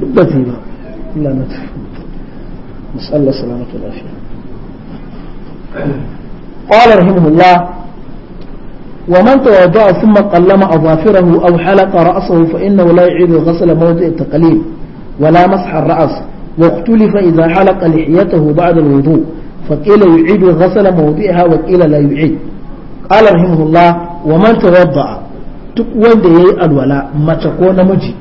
Speaker 1: duk ba su قال رحمه الله ومن توضأ ثم قلم أظافره أو حلق رأسه فإنه لا يعيد غسل موضع التقليم ولا مسح الرأس واختلف إذا حلق لحيته بعد الوضوء فقيل يعيد غسل موضعها وقيل لا يعيد قال رحمه الله ومن توضع duk wanda ya yi alwala mace ko namiji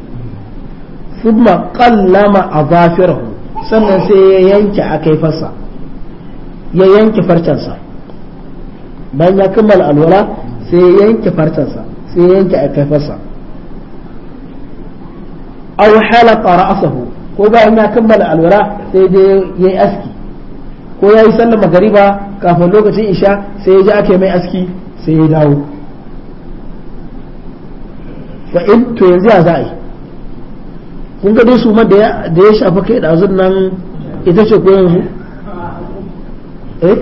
Speaker 1: thumma kallama azafirahu sannan sai ya yanke akaifarsa ya yanke farcensa bayan ya kammala alwala sai ya sai ya ko bayan ya kammala alwala sai dai ya yi aski ko ya yi sallar magariba kafin lokacin isha sai ya ji ake mai aski sai ya dawo fa'in to yanzu ya za a yi kun ga dai su da ya shafa kai ɗazun nan ita ce ko yanzu eh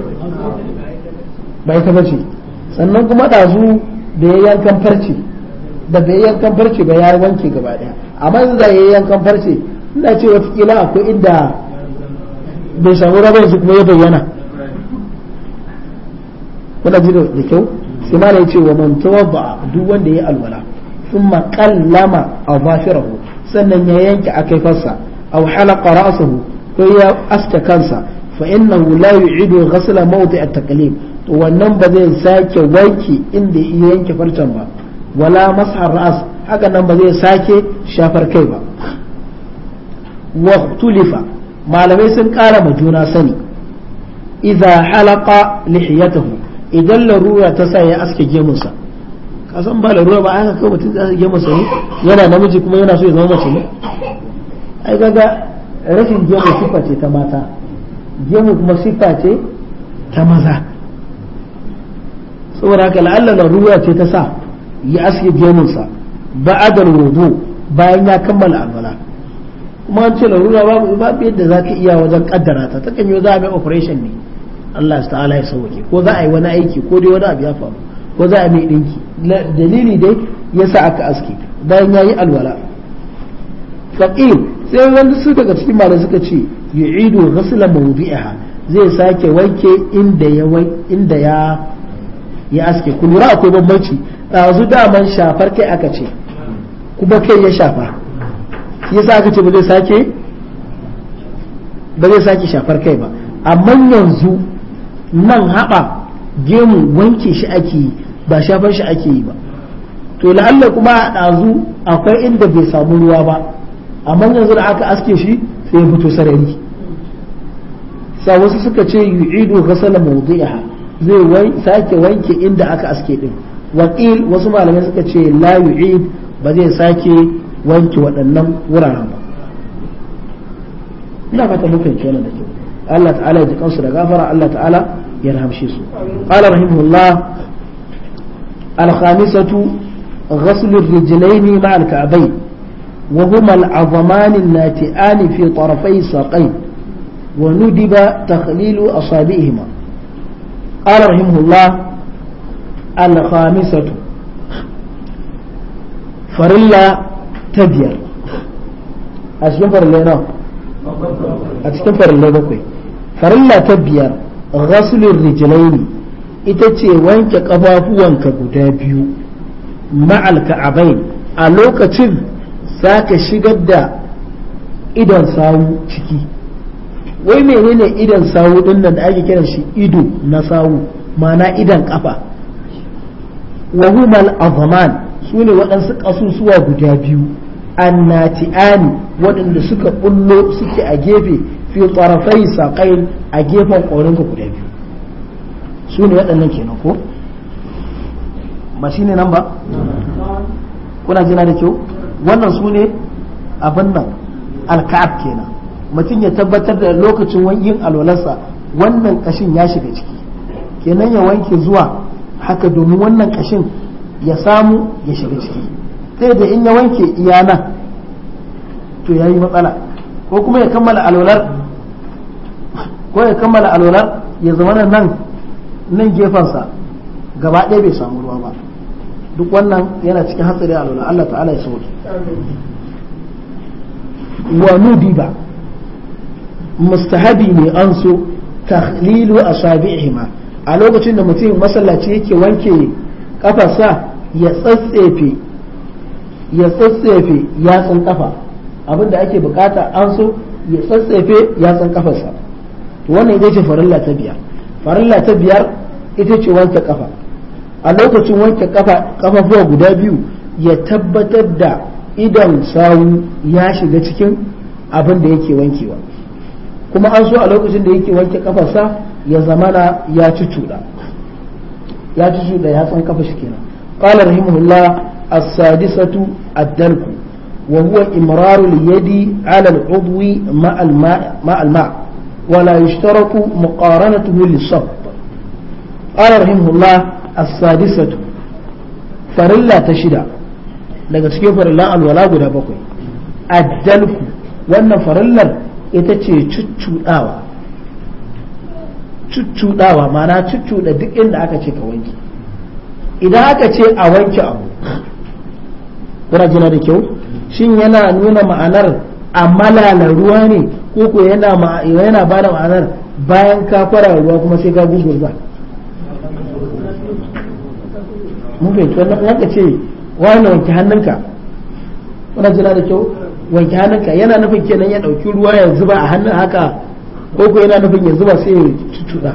Speaker 1: ba ta bace ce sannan kuma ɗazu da ya yankan farce da bai yankan farce ba ya wanke gaba ɗaya amma yanzu da ya yankan farce ina ce fi akwai inda bai samu raba yanzu kuma ya bayyana kuna ji da kyau sai ma ya ce wa man tawadda duk wanda ya alwala thumma qallama azafirahu sannan ya yanke akaifarsa aw halaqa karasahu ko ya aske kansa fa innahu la yu'idu ghasla mawdi at-taqlim to wannan ba zai sake wanki inda ya yanke farcen ba wala mas'ar ra'as haka nan ba zai sake shafar kai ba wa malamai sun ƙara ma juna sani idza halaqa lihiyatahu idan larura ta sa ya aske gemunsa kasan ba larura ba aka kawo mutum da aske gemunsa ne yana namiji kuma yana so ya zama mace ne ai kaga rashin gemu sifa ce ta mata gemu kuma sifa ce ta maza saboda haka la'alla larura ce ta sa ya aske gemunsa ba'adar wudu bayan ya kammala alwala kuma an ce larura babu babu yadda za ka iya wajen kaddara ta takan yi za a mai operation ne Allah ta'ala ya sauke ko za a yi wani aiki ko dai wani abu ya faru ko za a mai dinki dalili dai ya sa aka aske bayan ya yi alwala faqil sai wanda su daga cikin mara suka ce ya ido ghasla mawdi'aha zai sake wanke inda ya inda ya ya aske kun akwai bambanci ɗazu daman shafar kai aka ce kuma kai ya shafa yasa aka ce ba zai sake ba sake shafar kai ba amma yanzu nan haɓa gemu wanke shi ake yi ba shafar shi ake yi ba to la'alla kuma a ɗazu akwai inda bai samu ruwa ba amma yanzu da aka aske shi sai ya fito sarari sa wasu suka ce yu'idu ghasala mawdi'aha zai sake wanke inda aka aske din wakil wasu malamai suka ce la yu'id ba zai sake wanke waɗannan wuraren ba ina fata mun fahimci wannan da kyau Allah ta'ala ya ji kansu da gafara Allah ta'ala ya rahamshe su qala rahimahullah al-khamisatu ghasl ar-rijlayn ma'a al-ka'bayn وهما العظمان اللاتئان في طرفي الساقين وندب تخليل أصابعهما قال رحمه الله الخامسة فرلا ta biyar a cikin farilla na
Speaker 2: a cikin farilla
Speaker 1: bakwai farilla ta biyar rasulun rijilaini ita ce wanke ƙafafuwanka guda biyu ma'al a lokacin za ka shigar da idon sawu ciki wai menene idon sawu din nan da ake kiran shi ido na sawu mana idon ƙafa? wa al azman su ne waɗansu ƙasusuwa guda biyu annati'ani waɗanda suka bullo suke a gefe fi tsarafai saƙai a gefen ƙorinka guda biyu su ne waɗannan kenan ko mashine nan ba kuna jina da kyau wannan su ne abin nan alka'ab kenan mutum ya tabbatar da lokacin yin alwalarsa wannan ƙashin ya shiga ciki kenan ya wanke zuwa haka domin wannan ƙashin ya samu ya shiga ciki sai da in ya wanke iyana to yayi matsala ko kuma ya kammala alolar ko ya kammala alolar ya zama nan nan gefensa gaba ɗaya bai samu ruwa ba duk wannan yana cikin hatsari alolar Allah ta'ala ya sauke wa ba mustahabi ne an so tahlilu asabi'ihima a lokacin da mutum masallaci yake wanke kafarsa ya tsatsefe ya sassafe yatsun kafa abin da ake bukata an so ya sassafe yatsun kafarsa to wannan ita ce farilla ta biyar farilla ta biyar ita ce wanke kafa a lokacin wanke kafa kafafuwa guda biyu ya tabbatar da idan sawu ya shiga cikin abin da yake wankewa kuma an so a lokacin da yake wanke kafarsa ya zamana ya cucuda ya cucuda ya tsan kafa shi kenan رحمه الله السادسة الدلك وهو إمرار اليد على العضو مع الماء, مع الماء ولا يشترط مقارنته للصف قال رحمه الله السادسة فرلا تشدع daga cikin farillan alwala guda bakwai addalku wannan farillar ita ce cuccuɗawa cuccuɗawa ma'ana cuccuɗa duk inda aka ce ka wanke idan aka ce a wanke abu kuna jina da kyau shin yana nuna ma'anar a malala ruwa ne ko ko yana yana bada ma'anar bayan ka kwara ruwa kuma sai ka gugurza mun fahimci wannan haka ce wani wanke hannunka kuna jina da kyau wanke hannunka yana nufin kenan ya dauki ruwa ya zuba a hannun haka ko ko yana nufin ya zuba sai ya tuttuɗa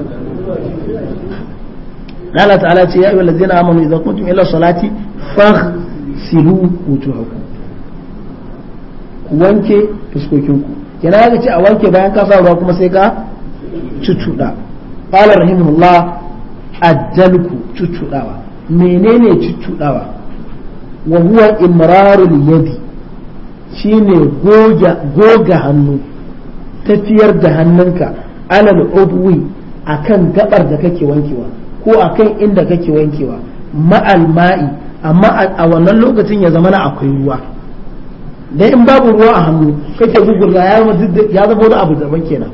Speaker 1: Allah ta'ala ce ya ayyuhal ladzina amanu idza kuntum ila salati fa silu wujuhakum ku wanke fuskokinku yana ya ce a wanke bayan ka sa ruwa kuma sai ka cuccuɗa qala rahimahullah cucuɗawa menene cucuɗawa wa huwa imrarul yadi shine goga goga hannu tafiyar da hannunka alal udwi akan gabar da kake wankewa ko akan inda kake wankewa ma'al ma'i amma a wannan lokacin ya zama na akwai ruwa dan in babu ruwa a hannu kake gugurza ya zama ya zama wani abu daban kenan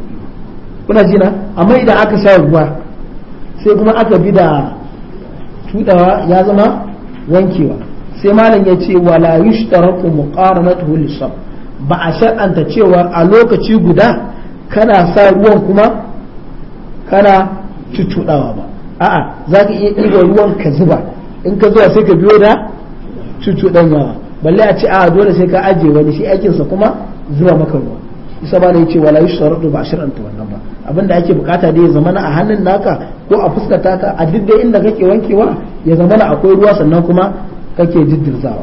Speaker 1: kuna jina amma idan aka sa ruwa sai kuma aka bi da tudawa ya zama wankewa sai malam ya ce wala yushtaraku muqaranatuhu lisab ba a shar'anta cewa a lokaci guda kana sa ruwan kuma kana tutudawa ba a'a zaka iya ɗiba ruwan ka zuba in ka zuwa sai ka biyo da yawa balle a ce a dole sai ka ajiye wani shi sa kuma zuwa maka ruwa isa ba ne ce wala yi sharatu ba shiranta wannan ba abinda ake bukata dai ya zamana a hannun naka ko a fuska ta a duk da inda kake wankewa ya zamana akwai ruwa sannan kuma kake jiddirzawa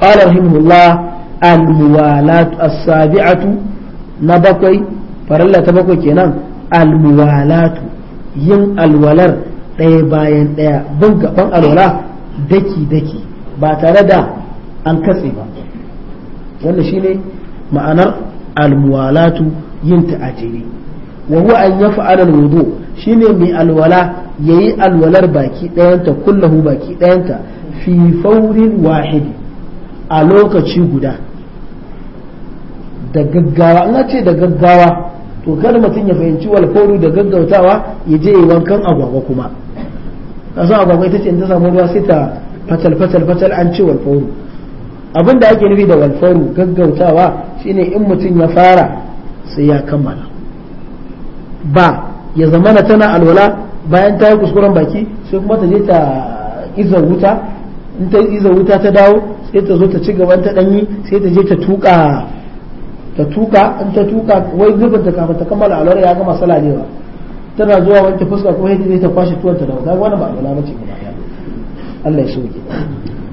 Speaker 1: qala rahimahullah al-muwalat as-sabi'atu na bakwai faralla ta bakwai kenan al yin alwalar ɗaya bayan ɗaya bin gaban alwala daki daki ba tare da an katse ba wannan shine ma'anar almuwalatu yin ta a jere wa huwa an yaf'ala wudu shine mai alwala yayi alwalar baki ɗayanta kullahu baki ɗayanta fi faurin wahidi a lokaci guda da gaggawa an ce da gaggawa to kada mutum ya fahimci walfauru da gaggautawa ya je yi wankan agwagwa kuma ka san agwagwa ita ce in ta samu ruwa sai ta fatal fatal fatal an ci walfauru abin da ake nufi da walfauru gaggautawa shine in mutum ya fara sai ya kammala ba ya zama na tana alwala bayan ta yi kuskuren baki sai kuma ta je ta izar wuta in ta izar wuta ta dawo sai ta zo ta ci gaban ta danyi sai ta je ta tuka ta tuka in ta tuka wai zubin ta kafa ta kammala alwala ya gama salalewa tana zuwa wanke fuska kuma yadda ta kwashe tuwon ta dawo wata wani ba alwala bace ba ya Allah ya soke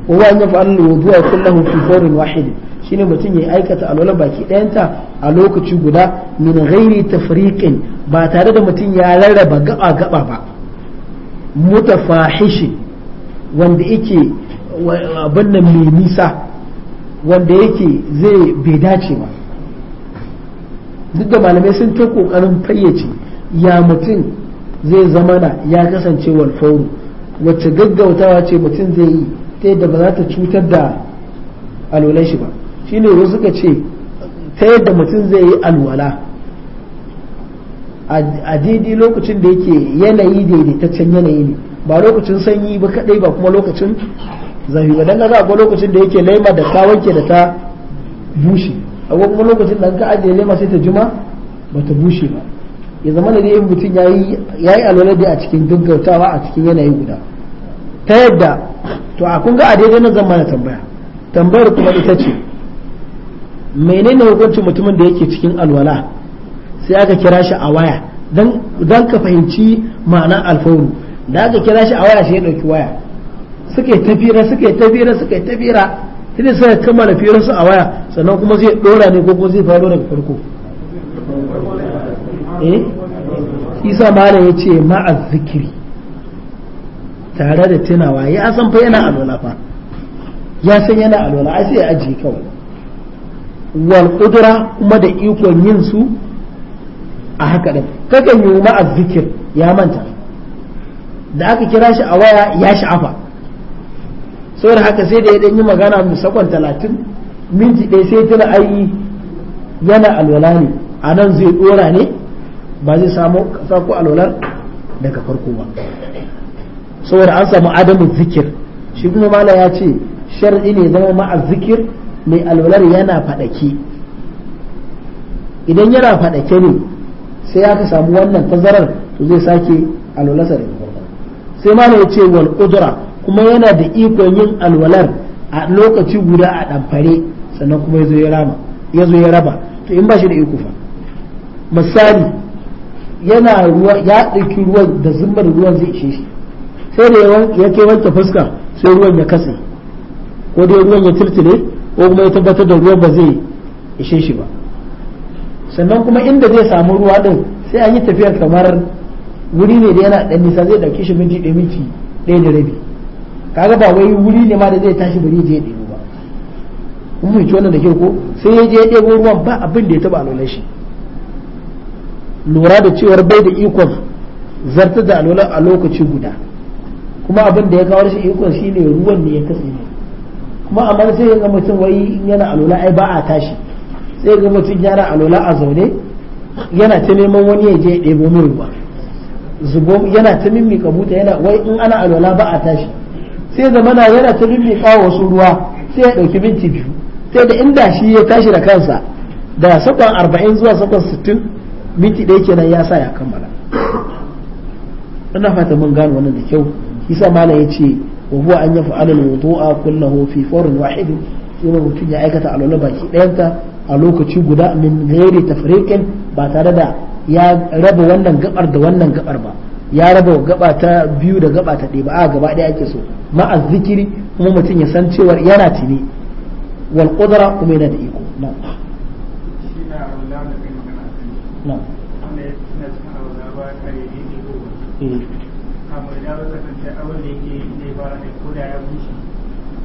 Speaker 1: wa wa yafa an wudu'a kullahu fi fawrin wahid shine mutum ya aikata alwala baki ɗayanta a lokaci guda min ghairi tafriqin ba tare da mutum ya rarraba gaba gaba ba mutafahishi wanda yake abin nan mai nisa wanda yake zai bai dace ba duk da malamai sun ta kokarin fayyace ya mutum zai zama na ya kasance wal wacce gaggautawa ce mutum zai yi ta yadda ba za ta cutar da alwalan shi ba shine wasu suka ce ta yadda mutum zai yi alwala a daidai lokacin da yake yanayi daidaitaccen yanayi ne ba lokacin sanyi ba kadai ba kuma lokacin zafi ba dan ga akwai lokacin da yake laima da ta wanke da ta bushe akwai kuma lokacin da ka ajiye laima sai ta juma ba ta bushe ba ya zama da dai mutum ya yi alwaladi a cikin gaggautawa a cikin yanayi guda ta yadda to a kun a daidai na zan mana tambaya tambayar kuma ita ce menene hukuncin mutumin da yake cikin alwala sai aka kira shi a waya don ka fahimci ma'anar alfauru da aka kira shi a waya sai ya ɗauki waya suka yi tafira suka yi tafira suka yi tafira sai suka kammala firarsu a waya sannan kuma zai ɗora ne ko kuma zai faru daga farko
Speaker 2: e eh? isa mala ya
Speaker 1: ce ma'a zikiri tare da tunawa ya san fa yana alwala fa ya san yana alwala a sai ya ajiye kawai wal kudura kuma da ikon yin su a haka din kakan yi ma'a zikir ya manta da aka kira shi a waya ya sha'afa saboda haka sai da ya danyi yi magana mu sakon talatin minti ɗaya sai tuna ayi yana alwala ne a nan zai ɗora ne ba zai samu sako alwalar daga farko ba saboda an samu adamu zikir shi kuma mala ya ce shar'i ne zama ma'a zikir mai alwalar yana faɗake idan yana faɗake ne sai aka samu wannan tazarar to zai sake alwalarsa daga farko sai mala ya ce wal kuma yana da ikon yin alwalar a lokaci guda a ɗamfare sannan kuma ya zo ya rama ya ya raba to in ba shi da iko fa misali yana ruwa ya ɗauki ruwan da zimbar ruwan zai ishe shi sai da ya ke wanke fuska sai ruwan ya katse ko dai ruwan ya tirtire ko kuma ya tabbatar da ruwan ba zai ishe shi ba sannan kuma inda zai samu ruwa din sai an yi tafiyar kamar wuri ne da yana ɗan nisa zai ɗauki shi minti ɗaya minti ɗaya da rabi kaga ba wai wuri ne ma da zai tashi bari je ɗebo ba kuma mai wannan da kyau ko sai ya je ɗebo ruwan ba abin da ya taɓa alolan shi lura da cewar bai da ikon zarta da alwala a lokaci guda kuma abin da ya kawo shi ikon shine ruwan ne ya katse ne kuma amma sai ya ga mutum wai in yana alwala ai ba a tashi sai ga mutum yana alwala a zaune yana ta neman wani ya je ya ɗebo mai ruwa zubo yana ta mimmi buta yana wai in ana alwala ba a tashi sai zamana yana ta kawo wasu ruwa sai ya ɗauki minti biyu sai da inda shi ya tashi da kansa da sakon arba'in zuwa sakon sittin minti ɗaya kenan ya sa ya kammala ina fata mun gano wannan da kyau kisa malam ce wa huwa an yafa alal wudu'a kullahu fi fawrin wahid kuma mutum ya aikata alwala baki ɗayanta a lokaci guda min gairi tafriqin ba tare da ya raba wannan gabar da wannan gabar ba ya raba gaba ta biyu da gaba ta ɗaya ba a gaba ɗaya ake so ma'a zikiri kuma mutum ya san cewa yana tini wal qudra kuma yana da iko na'am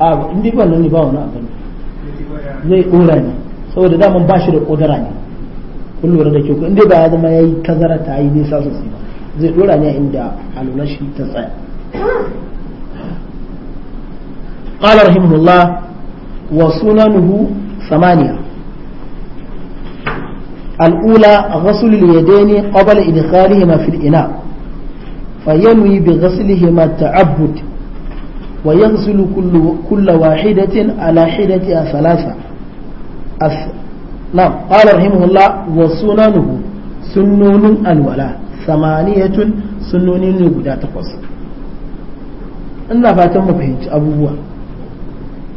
Speaker 1: a in ba ne ba wani abin
Speaker 2: zai ne
Speaker 1: saboda daman ba shi da kodara ne kun lura da ke in dai ba ya zama ya yi tazara ta yi nisa sosai ba zai dora ne inda alula shi ta tsaya قال رحمه الله وسننه ثمانية الأولى غسل اليدين قبل إدخالهما في الإناء فينوي بغسلهما التعبد ويغسل كل كل واحدة على حدتها ثلاثة أف... نعم قال رحمه الله وسننه سنون الولاء ثمانية سنون نبدا تقص ina fatan mu fahimci abubuwa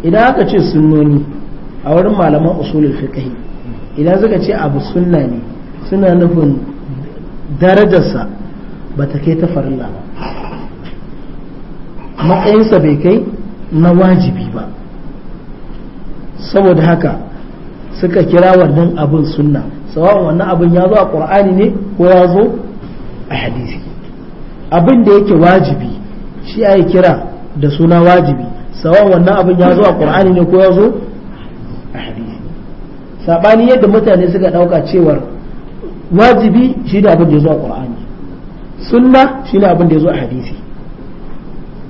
Speaker 1: idan aka ce sunnoni a wurin malaman usulul fiqh idan suka ce abu sunna ne suna nufin darajarsa ba ta kai ta farilla ba matsayinsa bai kai na wajibi ba saboda haka suka kira wannan abin sunna sawa'un wannan abin ya zo a qur'ani ne ko ya zo a hadisi abin da yake wajibi shi ayi kira da suna wajibi sawa'un wannan abin ya zo a qur'ani ne ko ya zo a hadisi sabani yadda mutane suka ɗauka cewar wajibi shi da abin da ya zo a qur'ani sunna shi ne abin da ya zo a hadisi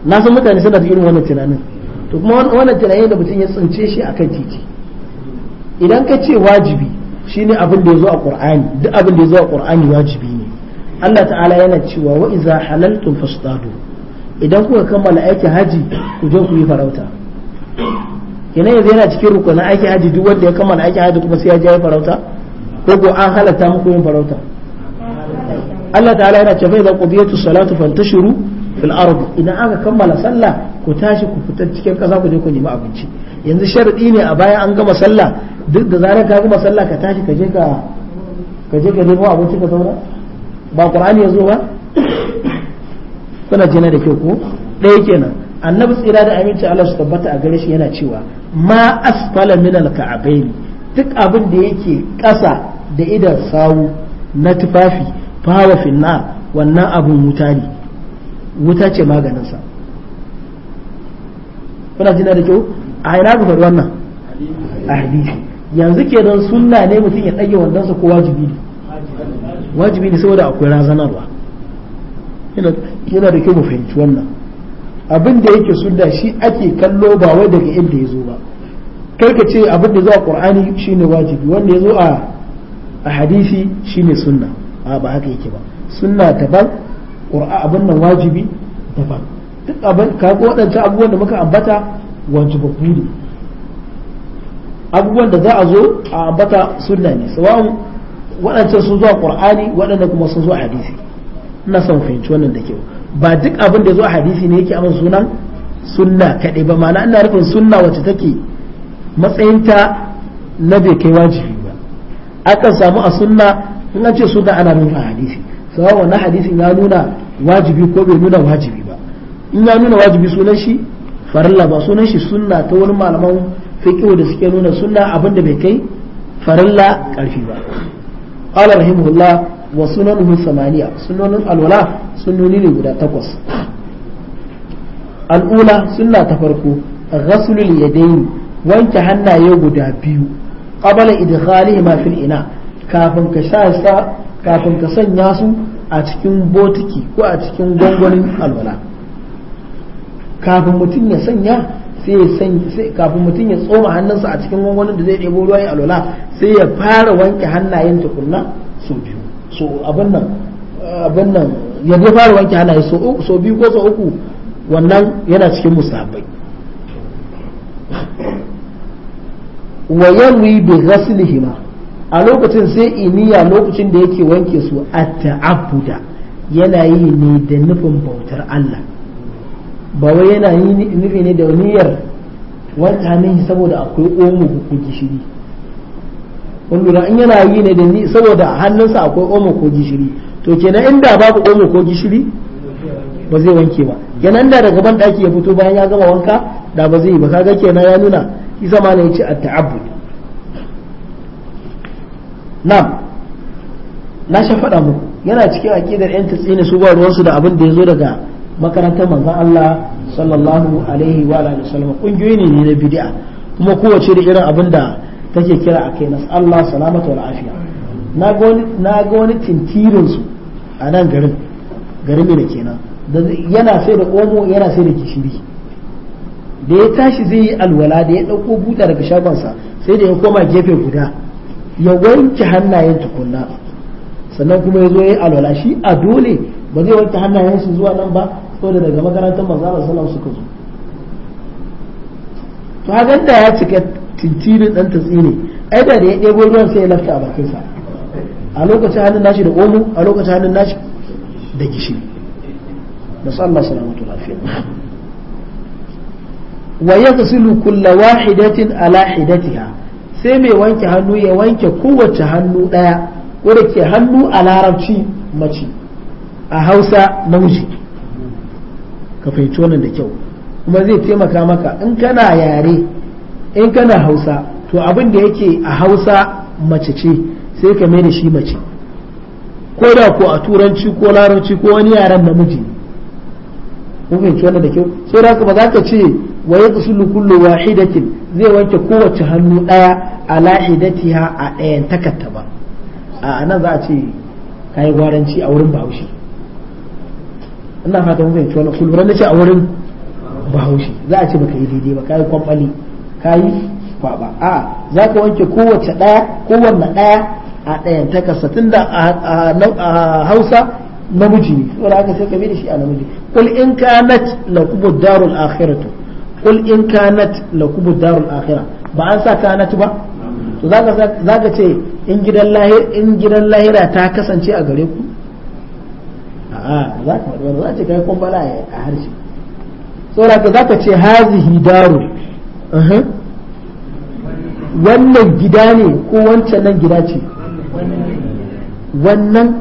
Speaker 1: na san mutane suna da irin wannan tunanin to kuma wannan tunanin da mutum ya tsince shi akan titi idan ka ce wajibi shi ne abin da ya zo a qur'ani duk abin da ya zo a qur'ani wajibi ne Allah ta'ala yana cewa wa iza halaltum fastadu idan kuka kammala aikin haji ku je ku yi farauta ina yanzu yana cikin rukunin aikin haji duk wanda ya kammala aikin haji kuma sai ya je farauta ko ko an halatta muku yin farauta Allah ta'ala yana ce bai ba qudiyatu salatu fantashiru fil ard idan aka kammala sallah ku tashi ku fitar cikin kasa ku je ku nemi abinci yanzu sharadi ne a baya an gama sallah duk da zarar ka gama sallah ka tashi ka je ka ka je ka nemo abinci ka zauna ba qur'ani ya ba kuna jina da kyau ko ɗaya kenan annabi tsira da aminci Allah su tabbata a gare shi yana cewa ma asfala min al duk abin da yake ƙasa da idan sawu na tufafi fawa finna wannan abun wuta ne wuta ce maganinsa kuna jina da kyau a ina ku faru wannan, a hadisi yanzu ke don sunna ne mutum ya ɗage wandonsa ko wajibi ne wajibi ne saboda akwai razanarwa yana da kyau mu fahimci wannan abin da yake sunna shi ake kallo ba wai daga inda ya zo ba kai ka ce abin da zuwa qur'ani shine wajibi wanda ya zo a hadisi shine sunna a ba haka yake ba sunna daban qur'a abin nan wajibi daban duk abin ka ga waɗancan abubuwan da muka ambata wajibabbu ne abubuwan da za a zo a ambata sunna ne sawa'un waɗancan sun zuwa qur'ani waɗannan kuma sun zuwa hadisi ina son fahimci wannan da kyau ba duk abin da zuwa hadisi ne yake amin sunan sunna kaɗai ba ma'ana ina nufin sunna wacce take matsayinta na bai kai wajibi ba akan samu a sunna suna ce suna ana nuna hadisi sawa wannan hadisin ya nuna wajibi ko bai nuna wajibi ba in ya nuna wajibi sunan shi farilla ba sunan shi sunna ta wani malaman fiqh da suke nuna sunna abinda bai kai farilla karfi ba qala rahimahullah wa sunanuhu samaniya sunanin alwala sunoni ne guda takwas al'ula sunna ta farko ghaslul yadayn wanke hannaye guda biyu qabla idkhalihi ma fil ina' kafin ka sha sa kafin ka sanya su a cikin botiki ko a cikin gwangwanin alwala kafin mutum ya sanya sai kafin mutum ya tsoma hannunsa a cikin gwangwanin da zai ɗebo ya alwala sai ya fara wanke hannayen tukunna so biyu so abin nan abin nan ya dai fara wanke hannayen so biyu ko so uku wannan yana cikin musabbai wa yarwi bi ghaslihima a lokacin sai iniya lokacin da yake wanke su a ta'abuda yana yi ne da nufin bautar Allah ba wai yana yi nufi ne da niyyar wanka hannun saboda akwai omo ko gishiri kun lura in yana yi ne da ni saboda hannunsa akwai omo ko gishiri to kenan inda babu omo ko gishiri ba zai wanke ba kenan da daga ban daki ya fito bayan ya gama wanka da ba zai ba kaga kenan ya nuna isa ma ne ce at-ta'abbud nam na sha faɗa muku yana cikin aƙidar yan ne su ba ruwansu da abin da ya zo daga makarantar manzan Allah sallallahu alaihi wa alihi wasallam ƙungiyoyi ne na bid'a kuma kowace da irin abin da take kira a kai nas Allah salamatu wal afiya na ga wani na tintirin su a nan garin garin da kenan yana sai da omo yana sai da gishiri da ya tashi zai yi alwala da ya ɗauko buta daga shagonsa sai da ya koma gefe guda ya wanke hannayen tukunna sannan kuma ya zo ya yi alwala shi a dole ba zai wanke hannayen su zuwa nan ba saboda daga makarantar manzo Allah suka zo to hakan da ya cika tintinin dan tatsini ai da ya ɗebo ruwan sai ya lafta a bakin sa a lokacin hannun nashi da omo a lokacin hannun nashi da gishiri su Allah salamatu lafiya wa yaghsilu kulla wahidatin ala hidatiha sai mai wanke hannu ya wanke kowace hannu ɗaya wadda ke hannu a larabci mace a hausa namiji ka fahimci wannan da kyau kuma zai taimaka maka in kana yare in kana hausa to abin da yake a hausa mace ce sai ka mai da shi mace ko da ko a turanci ko larabci ko wani yaren namiji kun fahimci wannan da kyau sai da ba za ka ce wa ya kusulu kullu wahidatin zai wanke kowace hannu ɗaya a lahidatiha a ɗayan takatta ba a nan za a ce kayi gwaranci a wurin bahaushe ina fata mun fahimci wannan kullu da ce a wurin bahaushe za ce baka yi daidai ba kayi kwamfali kayi kwaba a za ka wanke kowace ɗaya kowanne ɗaya a ɗayan takarsa tunda a hausa namiji ne saboda haka sai ka bi da shi a namiji kul in kanat lakum darul akhiratu qul in kanat lakum darul akhirah ba an sa kanat ba to zaka ce in gidan lahira in gidan lahira ta kasance a gare ku a'a za ka faɗi wanda za ce kai kun bala a harshe saboda ka zaka ce hazihi daru wannan gida ne ko wancan nan gida ce wannan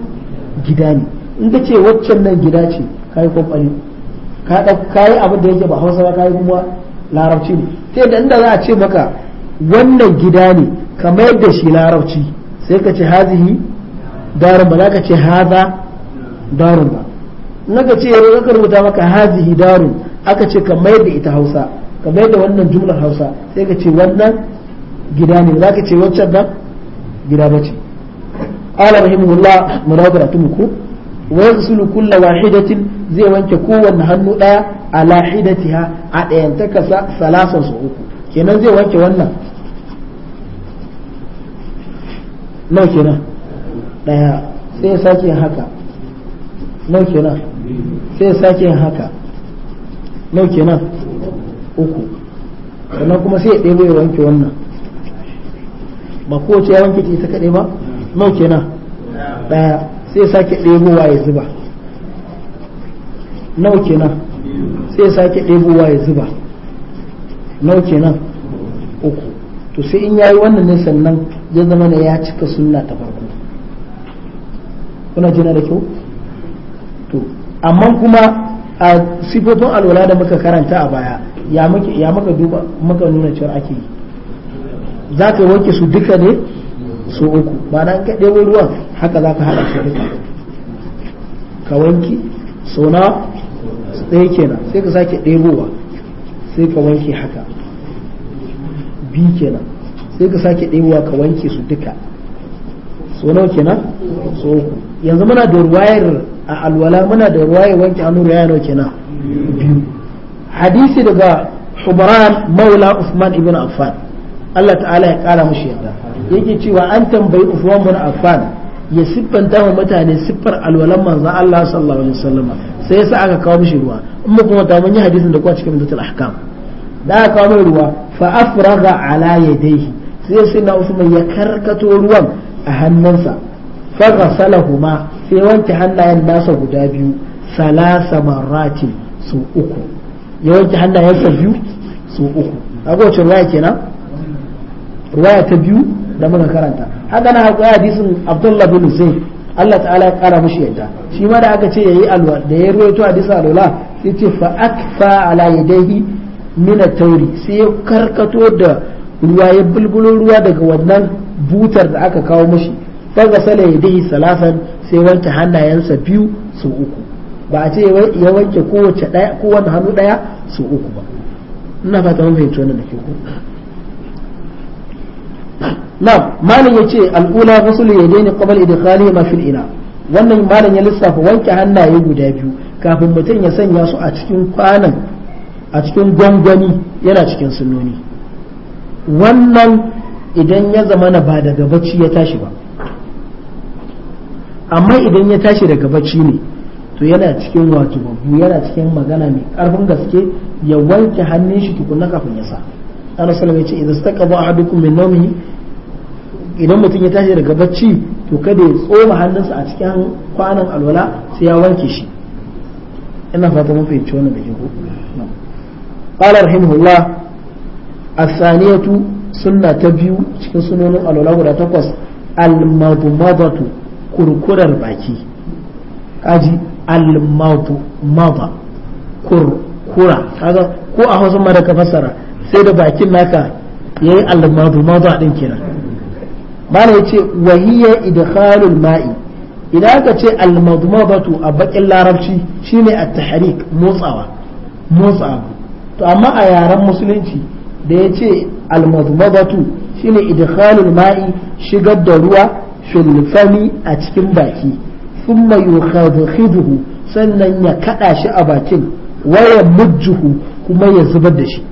Speaker 1: gida ne in ka ce waccan nan gida ce kai kun bali ka da kai abin da yake ba Hausa ba kai kuma larabci ne sai da inda za a ce maka wannan gida ne ka mayar da shi larabci sai ka ce hazihi darun ba za ka ce haza darun ba naka ce yau ka rubuta maka hazihi darun aka ce ka mayar da ita Hausa ka mayar da wannan jumlar Hausa sai ka ce wannan gida ne za ka ce wancan ba gida ba ce قال رحمه الله muku wa yasulu kullu wahidatin zai wanke kowanne hannu ɗaya a lahidatiha a ɗayanta ɗayantakarsa salasan su uku kenan zai wanke wannan nau kenan ɗaya sai sake yin haka nau kenan sai sake yin haka nau kenan uku sannan kuma sai ya ɗebo ya wanke wannan ba kowace ya wanke ta ita kaɗai ba nau kenan ɗaya sai ya sake ɗebowa ya zuba nawa kenan sai sake ɗebowa ya zuba nawa kenan uku to sai in yayi wannan ne sannan ya zama ne ya cika sunna ta farko kuna jina da kyau to amma kuma a sifofin alwala da muka karanta a baya ya muka ya muka duba muka nuna cewa ake yi za ka wanke su duka ne su uku ba na ka ɗebo ruwan haka za ka haɗa su duka ka wanke sau nawa ɗaya kenan sai ka sake ɗebowa sai ka wanke haka bi kenan sai ka sake ɗebowa ka wanke su duka so nawa kenan so yanzu muna da ruwayar a alwala muna da ruwayar wanke hannu ruwaya nawa kenan biyu hadisi daga hubran maula usman ibn affan Allah ta'ala ya kara mushi yadda yake cewa an tambayi usman ibn affan ya siffanta wa mutane siffar alwalan manzo Allah sallallahu alaihi wasallam sai yasa aka kawo mishi ruwa in mu kuma ta mun yi hadisin da kuwa cikin mutul ahkam da aka kawo mai ruwa fa afraga ala yadayhi sai sai na Usman ya karkato ruwan a hannunsa fa ghasalahuma sai wanke hannayen nasa guda biyu salasa marrati su uku ya wanke sa biyu su uku a ruwa kenan ruwaya ta biyu da muka karanta haka na haƙuri hadisin abdullah bin zaid Allah ta'ala ya kara mushi yadda shi ma da aka ce yayi alwa da ya ruwaito hadisa alwala yace fa akfa ala yadayhi min at sai ya karkato da ruwa ya bulbulo ruwa daga wannan butar da aka kawo mushi fa gasala yadayhi salasan sai wanke hannayensa biyu su uku ba a ce ya wanke kowace daya kowanne hannu daya su uku ba ina fata mun fahimci wannan da ke ku na'am malam ce al'ula ghusl yadaini qabl idkhali ma fil ina wannan malam ya lissafa wanke hannaye guda biyu kafin mutum ya sanya su a cikin kwanan a cikin gwangwani yana cikin sunoni. wannan idan ya zama na ba daga bacci ya tashi ba amma idan ya tashi daga bacci ne to yana cikin wato babu yana cikin magana mai karfin gaske ya wanke hannun shi tukuna kafin ya sa ana salamai ya ce idan staka ba ahadukum min idan mutum ya tashi daga bacci to kada ya tsoma hannunsa a cikin kwanan alwala sai ya wanke shi ina fata mun fahimci wannan da ke ko قال رحمه الله sunna ta biyu cikin sunanin alwala guda takwas almadmadatu kurkurar baki kaji mada kurkura kaga ko a hausa ma da ka fassara sai da bakin naka yayi almadmada din kenan mana yace wahiya idkhalul ma'i idan ka ce almadmadatu a bakin larabci shine at-tahrik motsawa motsawa to amma a yaren musulunci da yace almadmadatu shine idkhalul ma'i shigar da ruwa fil fami a cikin baki thumma yukhadhiduhu sannan ya kada shi a bakin waya mujjuhu kuma ya zubar da shi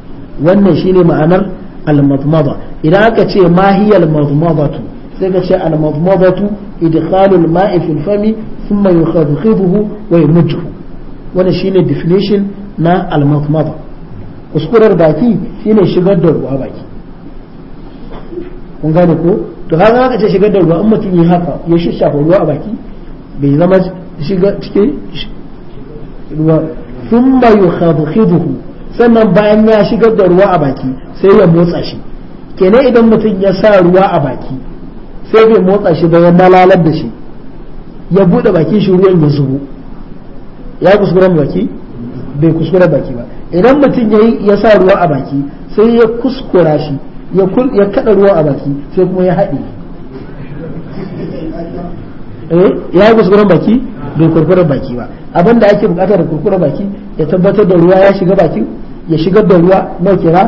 Speaker 1: wannan shine ma'anar almadmada idan aka ce mahiyal madmadatu sai ka ce al-madmadatu idkhalul ma'i fil fami thumma yukhadhibuhu wa yamuthu wannan shine definition na al-madmada kuskurar baki shine shigar da ruwa baki kun gane ko to haka aka ce shigar da ruwa in mutum yi haka ya shafa ruwa a baki bai zama shiga cikin ruwa thumma yukhadhibuhu sannan bayan ya shigar da ruwa a baki sai ya motsa shi kenan idan mutum ya sa ruwa a baki sai bai motsa shi ba ya malalar da shi ya bude baki shi ruwan ya zubo ya kuskura baki bai kuskura baki ba idan mutum ya sa ruwa a baki sai ya kuskura shi ya kada ruwa a baki sai kuma ya haɗe eh, ya yi baki bai kurkuren baki ba abinda ake bukata da kurkuren baki ya tabbatar da ruwa ya shiga bakin ya shigar da ruwa nau kira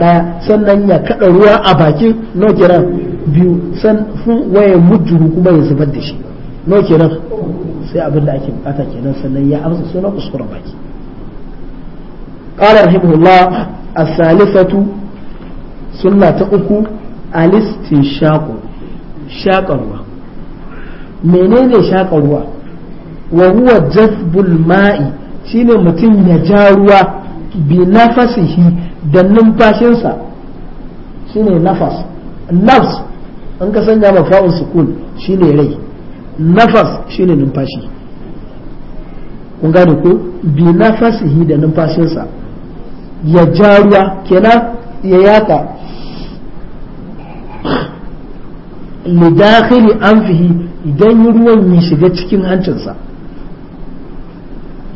Speaker 1: ɗaya sannan ya kada ruwa a bakin nau kira biyu san waye mujuru kuma ya zubar da shi no kenan sai abinda ake bukata kenan sannan ya amsa na kuskuren baki qala rahimahullah as-salisatu sunna ta uku alistin shaqo shaqar ruwa menene shaqar ruwa wa huwa jazbul ma'i shine mutum ya ja ruwa bi nafasihi da numfashinsa shine nafas nafs an ka sanya ma fa'un sukun shine rai nafas shine numfashi kun gane ko bi nafasihi da numfashinsa ya jaruwa kenan ya yaka lidakhili anfihi idan ruwan ya shiga cikin hancinsa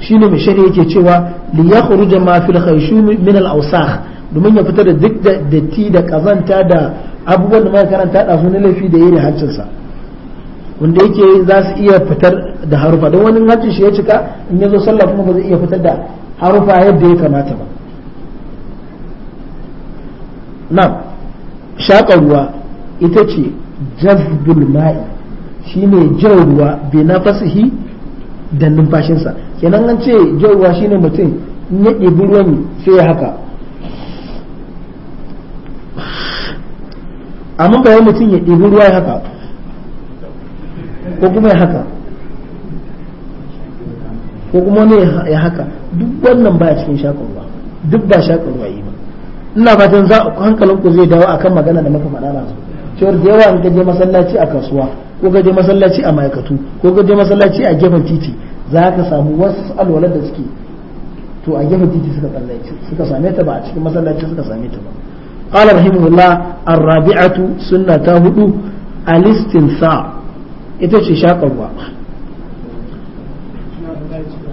Speaker 1: shine mai shari'a yake cewa li yakhruja ma fil khayshumi min al awsakh domin ya fitar da duk da datti da kazanta da abubuwan da muka karanta da su na laifi da yayi harcinsa hancinsa wanda yake za su iya fitar da harufa don wani hancin shi ya cika in ya zo sallah kuma ba zai iya fitar da harufa yadda ya kamata ba na shaƙar ruwa ita ce jazbul ma'i shine jan ruwa bai na fasihi da numfashinsa kenan an ce jan ruwa shine mutum in ya ɗebi ruwan sai ya haka amma ba wai mutum ya ɗibi ruwa ya haka ko kuma ya haka ko kuma ne ya haka duk wannan baya cikin shakan ruwa duk ba shakan ruwa yi ba ina fatan za ku zai dawo akan magana da muka faɗa nasu cewar da yawa in gaje je masallaci a kasuwa ko gaje je masallaci a ma'aikatu ko gaje je masallaci a gefen titi za ka samu wasu alwalar da suke to a gefen titi suka tsallaci suka same ta ba a cikin masallaci suka same ta ba قال رحمه الله الرابعة سنة تهدو الاستنثار ita ce shakarwa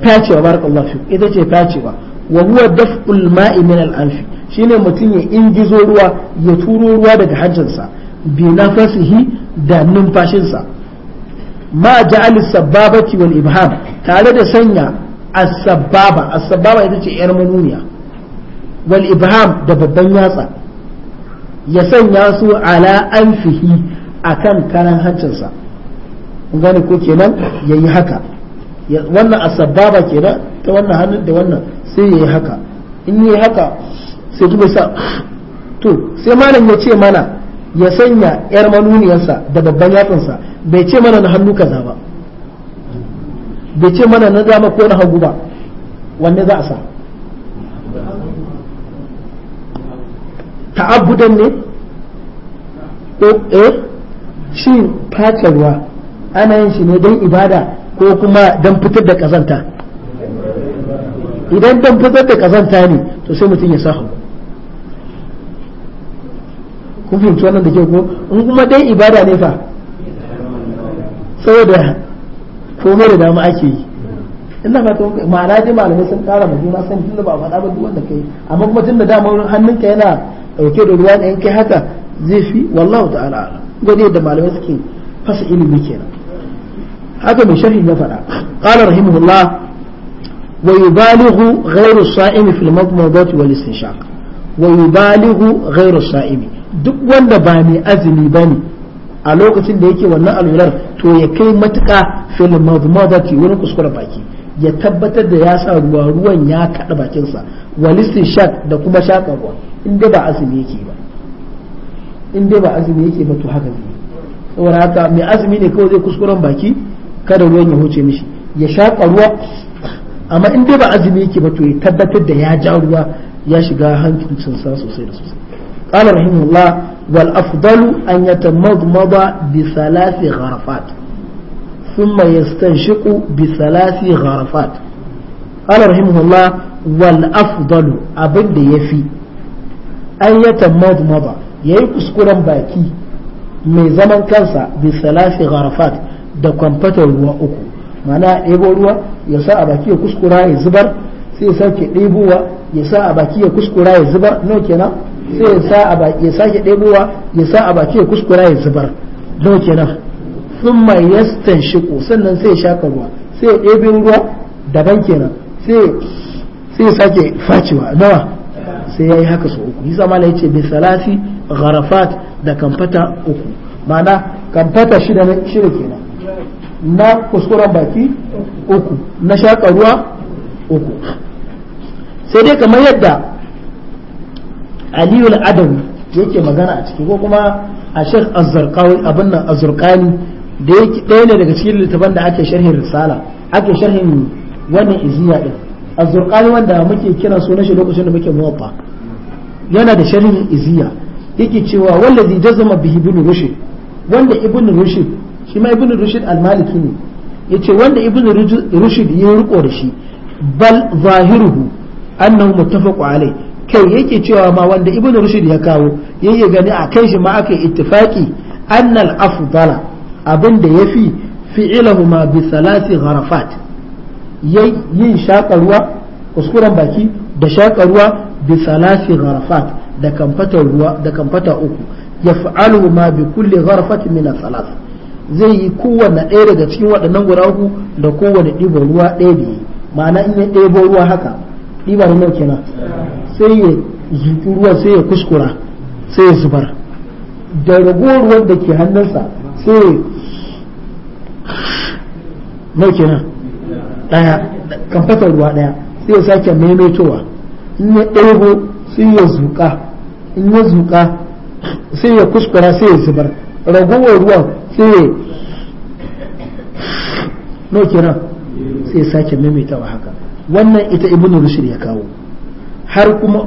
Speaker 1: facewa barakallahu fi ita ce facewa wa huwa daf'ul ma'i min al-anfi shine mutum ya ingizo ruwa ya turo ruwa daga hajjinsa Bina fasihi da numfashinsa ma ja'al sababati wal ibham tare da sanya as-sababa sababa ita ce yar manuniya wal ibham da babban yatsa ya sanya su ala anfihi akan karan hancinsa kun gane ko kenan yayi haka wannan asbaba kenan ta wannan hannun da wannan sai yayi haka in yayi haka sai kuma sa to sai malam ya ce mana ya sanya yar manuniyarsa da babban yatsunsa bai ce mana na hannu kaza ba bai ce mana na dama ko na hagu ba wanne za a sa ta'abudan ne eh shi face ruwa ana yin shi ne don ibada ko kuma don fitar da kazanta idan don fitar da kazanta ne to sai mutum ya sahu kun fahimci wannan da ke ko in kuma dai ibada ne fa saboda komai da dama ake yi ina ba ta ma'ana dai malamai sun kara ma juna san tunda ba faɗa ba duk wanda kai amma kuma tunda dama hannunka yana dauke da ruwa da yanke haka zai fi wallahu ta'ala ala da malamai suke fasa ilimi kenan haka mai sharhi ya faɗa qala rahimahullah wa yubalighu ghayru sa'imi fil madmadati wal istinshaq wa yubalighu ghayru sa'imi duk wanda ba mai azumi bane a lokacin da yake wannan alular to ya kai matuka fil madmadati wurin kuskure baki ya tabbatar da ya sa ruwa ruwan ya kaɗa bakinsa walistin shak da kuma shakarwa in dai ba azumi yake ba in dai ba azumi yake ba to haka zai saboda haka mai azumi ne kawai zai kuskuren baki kada ruwan ya huce mishi ya shaƙa ruwa amma in dai ba azumi yake ba to ya tabbatar da ya ja ruwa ya shiga hancinsa sosai da sosai قال رحمه الله والأفضل أن يتمضمض بثلاث غرفات ثم يستنشق بثلاث غرفات قال رحمه الله wal afdalu abin da ya fi an ya tammadu maza ya yi kuskuren baki mai zaman kansa bi salasi gharafat da kwamfatar ruwa uku mana ɗebo ruwa ya sa a baki ya kuskura ya zubar sai ya sake ɗebowa ya sa a baki ya kuskura ya zubar no kenan sai ya sa a baki ya sake ɗebowa ya sa a baki ya kuskura ya zubar no kenan sun mai yastanshiku sannan sai ya shaka ruwa sai ya ɗebe ruwa daban kenan sai sai ya sake facewa nawa sai ya yi haka su uku yasa mala yace bi salasi gharafat da kamfata uku ma'ana kamfata shida ne shida kenan na kuskuren baki uku na shaƙa ruwa uku sai dai kamar yadda aliyu adawi yake magana a ciki ko kuma a shek azzarkawi abin nan azzarkani da yake ɗaya ne daga cikin littafan da ake sharhin risala ake sharhin wannan iziya ɗin azurqani wanda muke kira sunan shi lokacin da muke muwaffa yana da sharhin iziya yake cewa wallazi jazama bihi ibn rushd wanda ibn rushd shi ma ibn rushd al-maliki ne yace wanda ibn rushd ya riko da shi bal zahiruhu annahu muttafaqu alai kai yake cewa ma wanda ibn rushd ya kawo yayi gani a kai shi ma aka ittifaqi annal afdala abinda da yafi fi'ilahuma bi salasi gharafat yin shaƙa ruwa kuskuren baki da shaƙa ruwa bi salasi gharafat da kamfata ruwa da kamfata uku ya fa'alu ma bi kulli gharfatin min salas zai yi kowanne ɗaya daga cikin waɗannan guda uku da kowanne ɗibo ruwa ɗaya da yi ma'ana in ya ɗebo ruwa haka ɗiba ne kenan sai ya zuƙi ruwa sai ya kuskura sai ya zubar da ragowar ruwan da ke hannunsa sai ya nauke kenan daya kamfatar ruwa daya sai ya sake maimaitowa in ya ɗaiho sai ya zuƙa in ya zuƙa sai ya kuskura sai ya zubar ragowar ruwan sai ya no kenan sai ya sake maimaitawa haka wannan ita ibn rushd ya kawo har kuma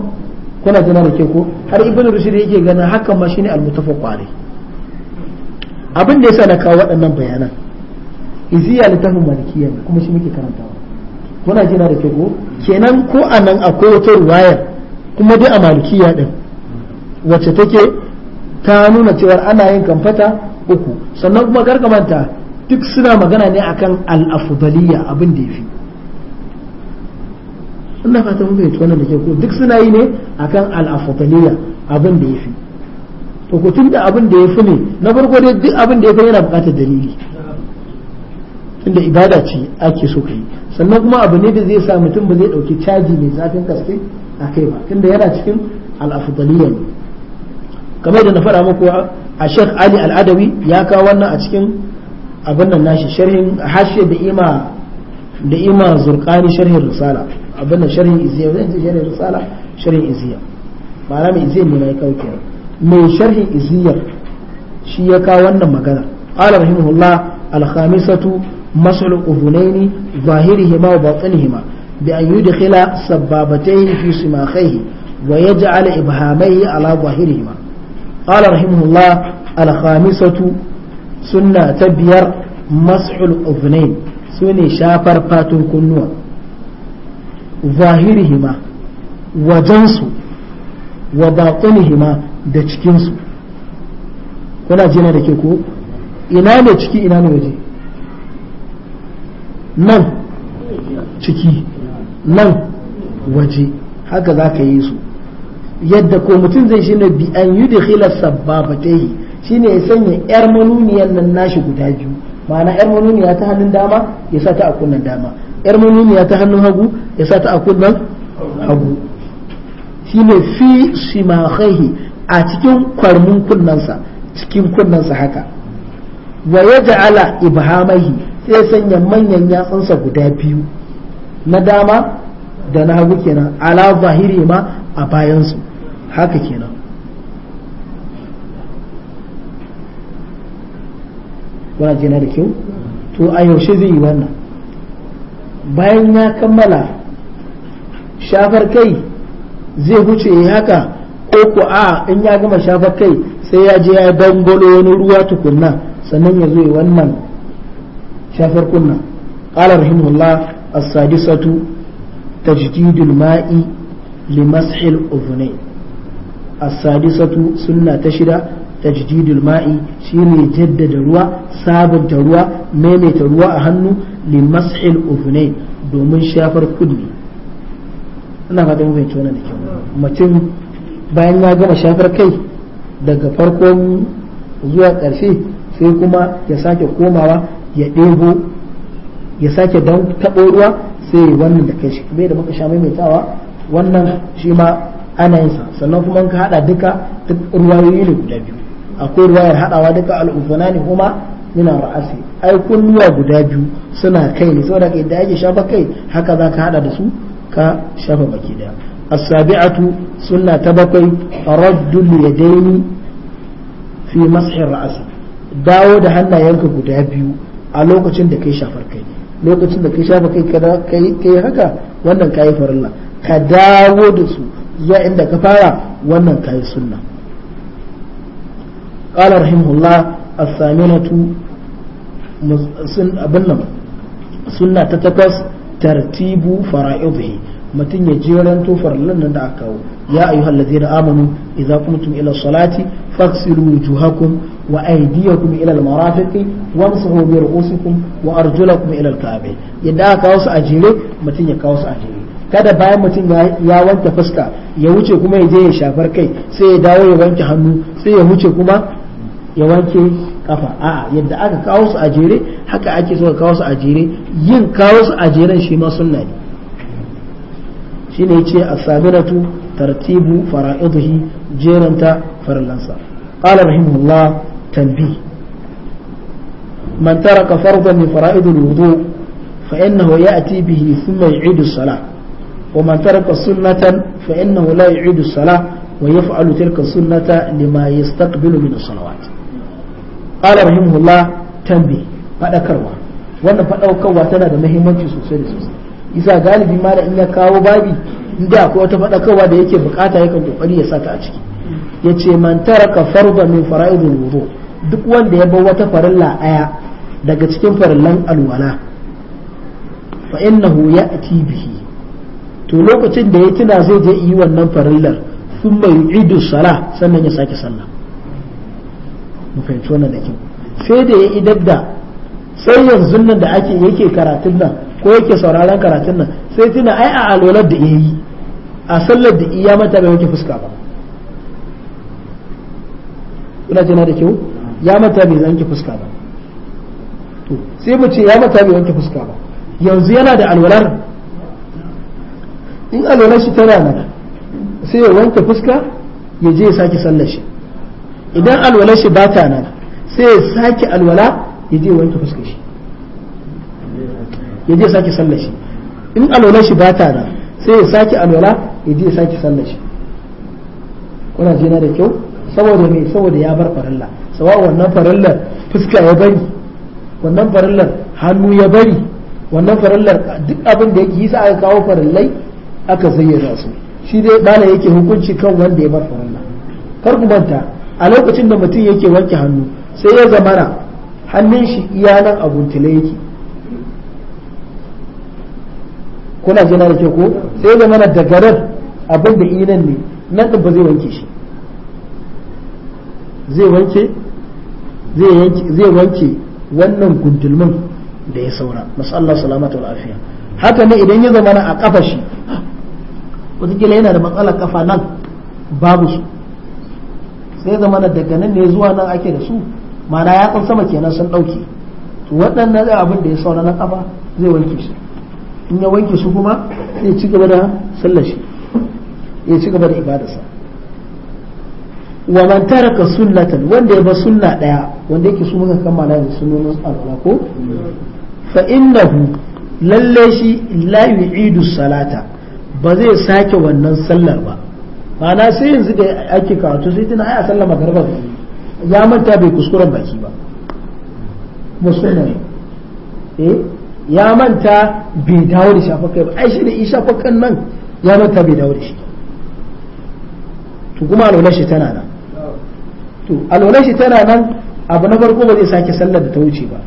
Speaker 1: kuna gana da ke ko har ibn rushd yake gana hakan ma shine al-mutafaq abin da yasa na kawo waɗannan bayanan iziya littafin malikiya kuma shi muke karantawa kuna jina da ke kenan ko a nan akwai wata ruwaya kuma dai a malikiya din wacce take ta nuna cewar ana yin kamfata uku sannan kuma gargamanta duk suna magana ne akan al-afdaliyya abin da ya fi suna fata mun fahimci wannan da ke ko duk suna yi ne akan al-afdaliyya abin da fi to ko tunda abin da ya fi ne na farko dai duk abin da ya fi yana bukatar dalili tunda ibada ce ake so ka yi sannan kuma abu ne da zai sa mutum ba zai dauki caji mai zafin gaske a kai ba tunda yana cikin al'afdaliyya ne kamar da na faɗa muku a Sheikh Ali Al'adawi ya kawo wannan a cikin abin nan nashi sharhin hashe da ima da ima zurqani sharhin risala abin nan sharhin iziya zai ce sharhin risala sharhin iziya ma'ana mai iziya ne mai kawo kenan mai sharhin iziya shi ya kawo wannan magana qala rahimahullah al-khamisatu مثل أذنين ظاهرهما وباطنهما بأن يدخل سبابتين في سماخيه ويجعل إبهاميه على ظاهرهما قال رحمه الله الخامسة سنة تبير مسح الأذنين سنة شافر فاتن كنوة ظاهرهما وجنس وباطنهما دجكنس kuna jina da ke ko ina ne ciki ina ne waje nan ciki nan waje haka za ka yi su yadda ko mutum zai shi ne bi an yi da shi ne ya sanya yar manuniyan nan nashi guda biyu ma'ana yar manuniya ta hannun dama ya sa ta a kunnan dama yar manuniya ta hannun hagu ya sa ta a kunnan hagu shi ne fi shimakhaihi a cikin kwarmin kunnensa cikin kunnensa haka wa ya ja'ala ibhamahi sai sanya manyan yatsunsa guda biyu na dama da na hagu kenan ala zahiri ma a bayansu haka kenan kuna jina da kyau to a yaushe zai yi wannan bayan ya kammala shafar kai zai huce haka ko ku a in ya gama shafar kai sai ya je ya dangwalo wani ruwa tukunna sannan ya zo wannan shafar kunna qala rahimahullah as-sadisatu تجديد الماء لمسح الأذنين السادسة سنة تشرة تجديد الماء شيني جدد الروا سابن تروا ميمي تروا أهنو لمسح الأذنين دومن شافر كدني ina fata mun fahimci wannan da kyau mutum bayan ya gama shafar kai daga farkon zuwa ƙarshe sai kuma ya sake komawa ya ɗebo ya sake don taɓo ruwa sai ya wannan da kai shi bai da muka sha maimaitawa wannan shi ma ana yin sa sannan kuma ka hada duka duk ruwayoyi ne guda biyu akwai ruwayar hadawa duka ne kuma mina ra'asi ai kulluwa guda biyu suna kai ne saboda kai da ake shafa kai haka za ka hada da su ka shafa baki daya as-sabi'atu sunna ta bakwai raddul yadaini fi mashi ra'asi dawo da hannayenka guda biyu a lokacin da kai shafar kai lokacin da kai shafa kai kada kai haka wannan kai farilla ka dawo da su zuwa inda ka fara wannan kai sunna qala rahimahullah as-saminatu sun abin nan sunna ta takwas tartibu fara'idihi mutum ya jeran farlan nan da aka kawo ya ayyuhal ladzina amanu idza qumtum ila salati faghsilu wujuhakum wa aydiyakum ila almarafiqi wamsahu bi ru'usikum wa arjulakum ila alka'bayn yadda aka kawo su a jere mutum ya kawo su a jere kada bayan mutum ya wanke fuska ya wuce kuma ya je ya shafar kai sai ya dawo ya wanke hannu sai ya wuce kuma ya wanke kafa a'a yadda aka kawo su a jere haka ake so ka kawo su a jere yin kawo su a jeren shi ma sunna ne shine yace as-sabiratu tartibu fara'idihi jeranta farallansa qala rahimahullah tanbih man taraka fardan min fara'id al-wudu fa innahu ya'ti bihi thumma yu'idu as-salah wa man taraka sunnatan fa innahu la yu'idu as-salah wa yaf'alu tilka as-sunnata lima yastaqbilu min as-salawat qala rahimahullah tanbih fadakarwa wannan fadakarwa tana da muhimmanci sosai da sosai isa galibi ma da in ya kawo babi inda akwai wata faɗakarwa da yake bukata yakan kokari ya sata a ciki yace man taraka farda min fara'idul wudu duk wanda ya bar wata farilla daya daga cikin farillan alwala fa innahu ya'ti bihi to lokacin da ya tuna zai je yi wannan farillar sun mai idu sala sannan ya sake sallah mu fahimci wannan da sai da ya idar da sai yanzu nan da ake yake karatun nan ko yake sauraron karatun nan sai tuna ai a alwalar da ya yi a sallar da iya mata bai wanke fuska ba kuna na da kyau ya mata bai wanke fuska ba to sai mu ce ya mata bai wanke fuska ba yanzu yana da alwalar in alwalar shi tana nan sai ya wanke fuska ya je ya sake sallar shi idan alwalar shi ba ta nan sai ya sake alwala ya je ya wanke fuska shi ya je sake sallar shi in alwala shi bata da sai ya sake alwala ya je sake sallar shi kuna jina da kyau saboda me saboda ya bar farilla sawa wannan farillar fuska ya bari wannan farillar hannu ya bari wannan farillar duk abin da yake yi sa aka kawo farillai aka zayyana su shi dai bala yake hukunci kan wanda ya bar farilla kar ku manta a lokacin da mutum yake wanke hannu sai ya zamana hannun shi iya nan a yake kuna jina da ke ko sai da mana da garar abin da inan ne nan ɗin ba zai wanke shi zai wanke zai wanke wannan kuntulmin da ya saura masu Allah salamata wa lafiya haka ne idan ya zama na a kafa shi wataƙila yana da matsalar kafa nan babu su sai zama na daga nan ne zuwa nan ake da su mana ya sama kenan sun ɗauke to waɗannan abin da ya saura na kafa zai wanke shi in ya wanke su kuma sai ci gaba da sallar shi ya ci gaba da ibadarsa wa man taraka sunnatan wanda ya ba sunna daya wanda yake su muka kammala da sunnonin alwala ko fa innahu lalle shi la yu'idu salata ba zai sake wannan sallar ba ma'ana sai yanzu da ake karatu sai tana aya a sallar magarba ya manta bai kuskuren baki ba musulmai eh ya manta bai dawo da shafakai ba ai shi da ishafakan nan ya manta bai dawo da shi to kuma alwalar shi tana nan to alwalar shi tana nan abu na farko ba zai sake sallar da ta wuce ba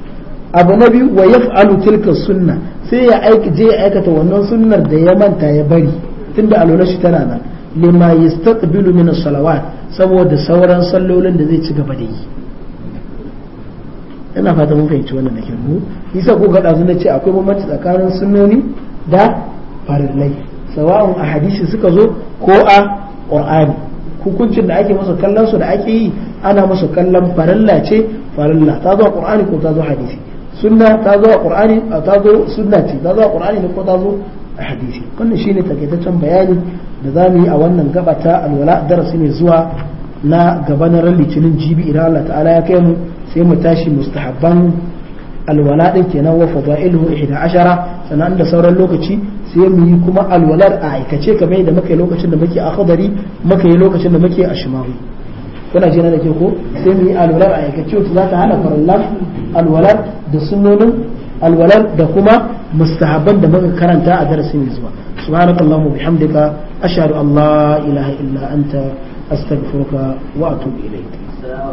Speaker 1: abu na biyu wa yaf'alu tilka sunna sai ya aiki je ya aikata wannan sunnar da ya manta ya bari tunda alwalar shi tana nan lima yastaqbilu min as-salawat saboda sauran sallolin da zai ci gaba da yi ina fata mun fahimci wannan da kyau yasa ko gada zuna ce akwai bambanci tsakanin sunnoni da farillai sawa'un a hadisi suka zo ko a qur'ani hukuncin da ake masa kallon su da ake yi ana masa kallon farilla ce farilla ta zo a qur'ani ko ta zo hadisi sunna ta zo a qur'ani ta zo sunna ce ta zo a qur'ani ne ko ta zo a hadisi wannan shine takaitaccen bayani da za mu yi a wannan gaba ta alwala darasi ne zuwa na gaba na ran litinin jibi idan Allah ta'ala ya kai mu sai mu tashi mustahabban alwala din kenan wa fadailuhu 11 sannan da sauran lokaci sai mu yi kuma alwalar a aikace kamar yadda muka yi lokacin da muke a khadari muka yi lokacin da muke a kuna jina da ke ko sai mu yi alwalar a aikace wacce za ta hana farallar alwalar da sunnonin alwalar da kuma mustahabban da muka karanta a darasin mai zuwa subhanakallahumma bihamdika ashhadu an la ilaha illa anta astaghfiruka wa atubu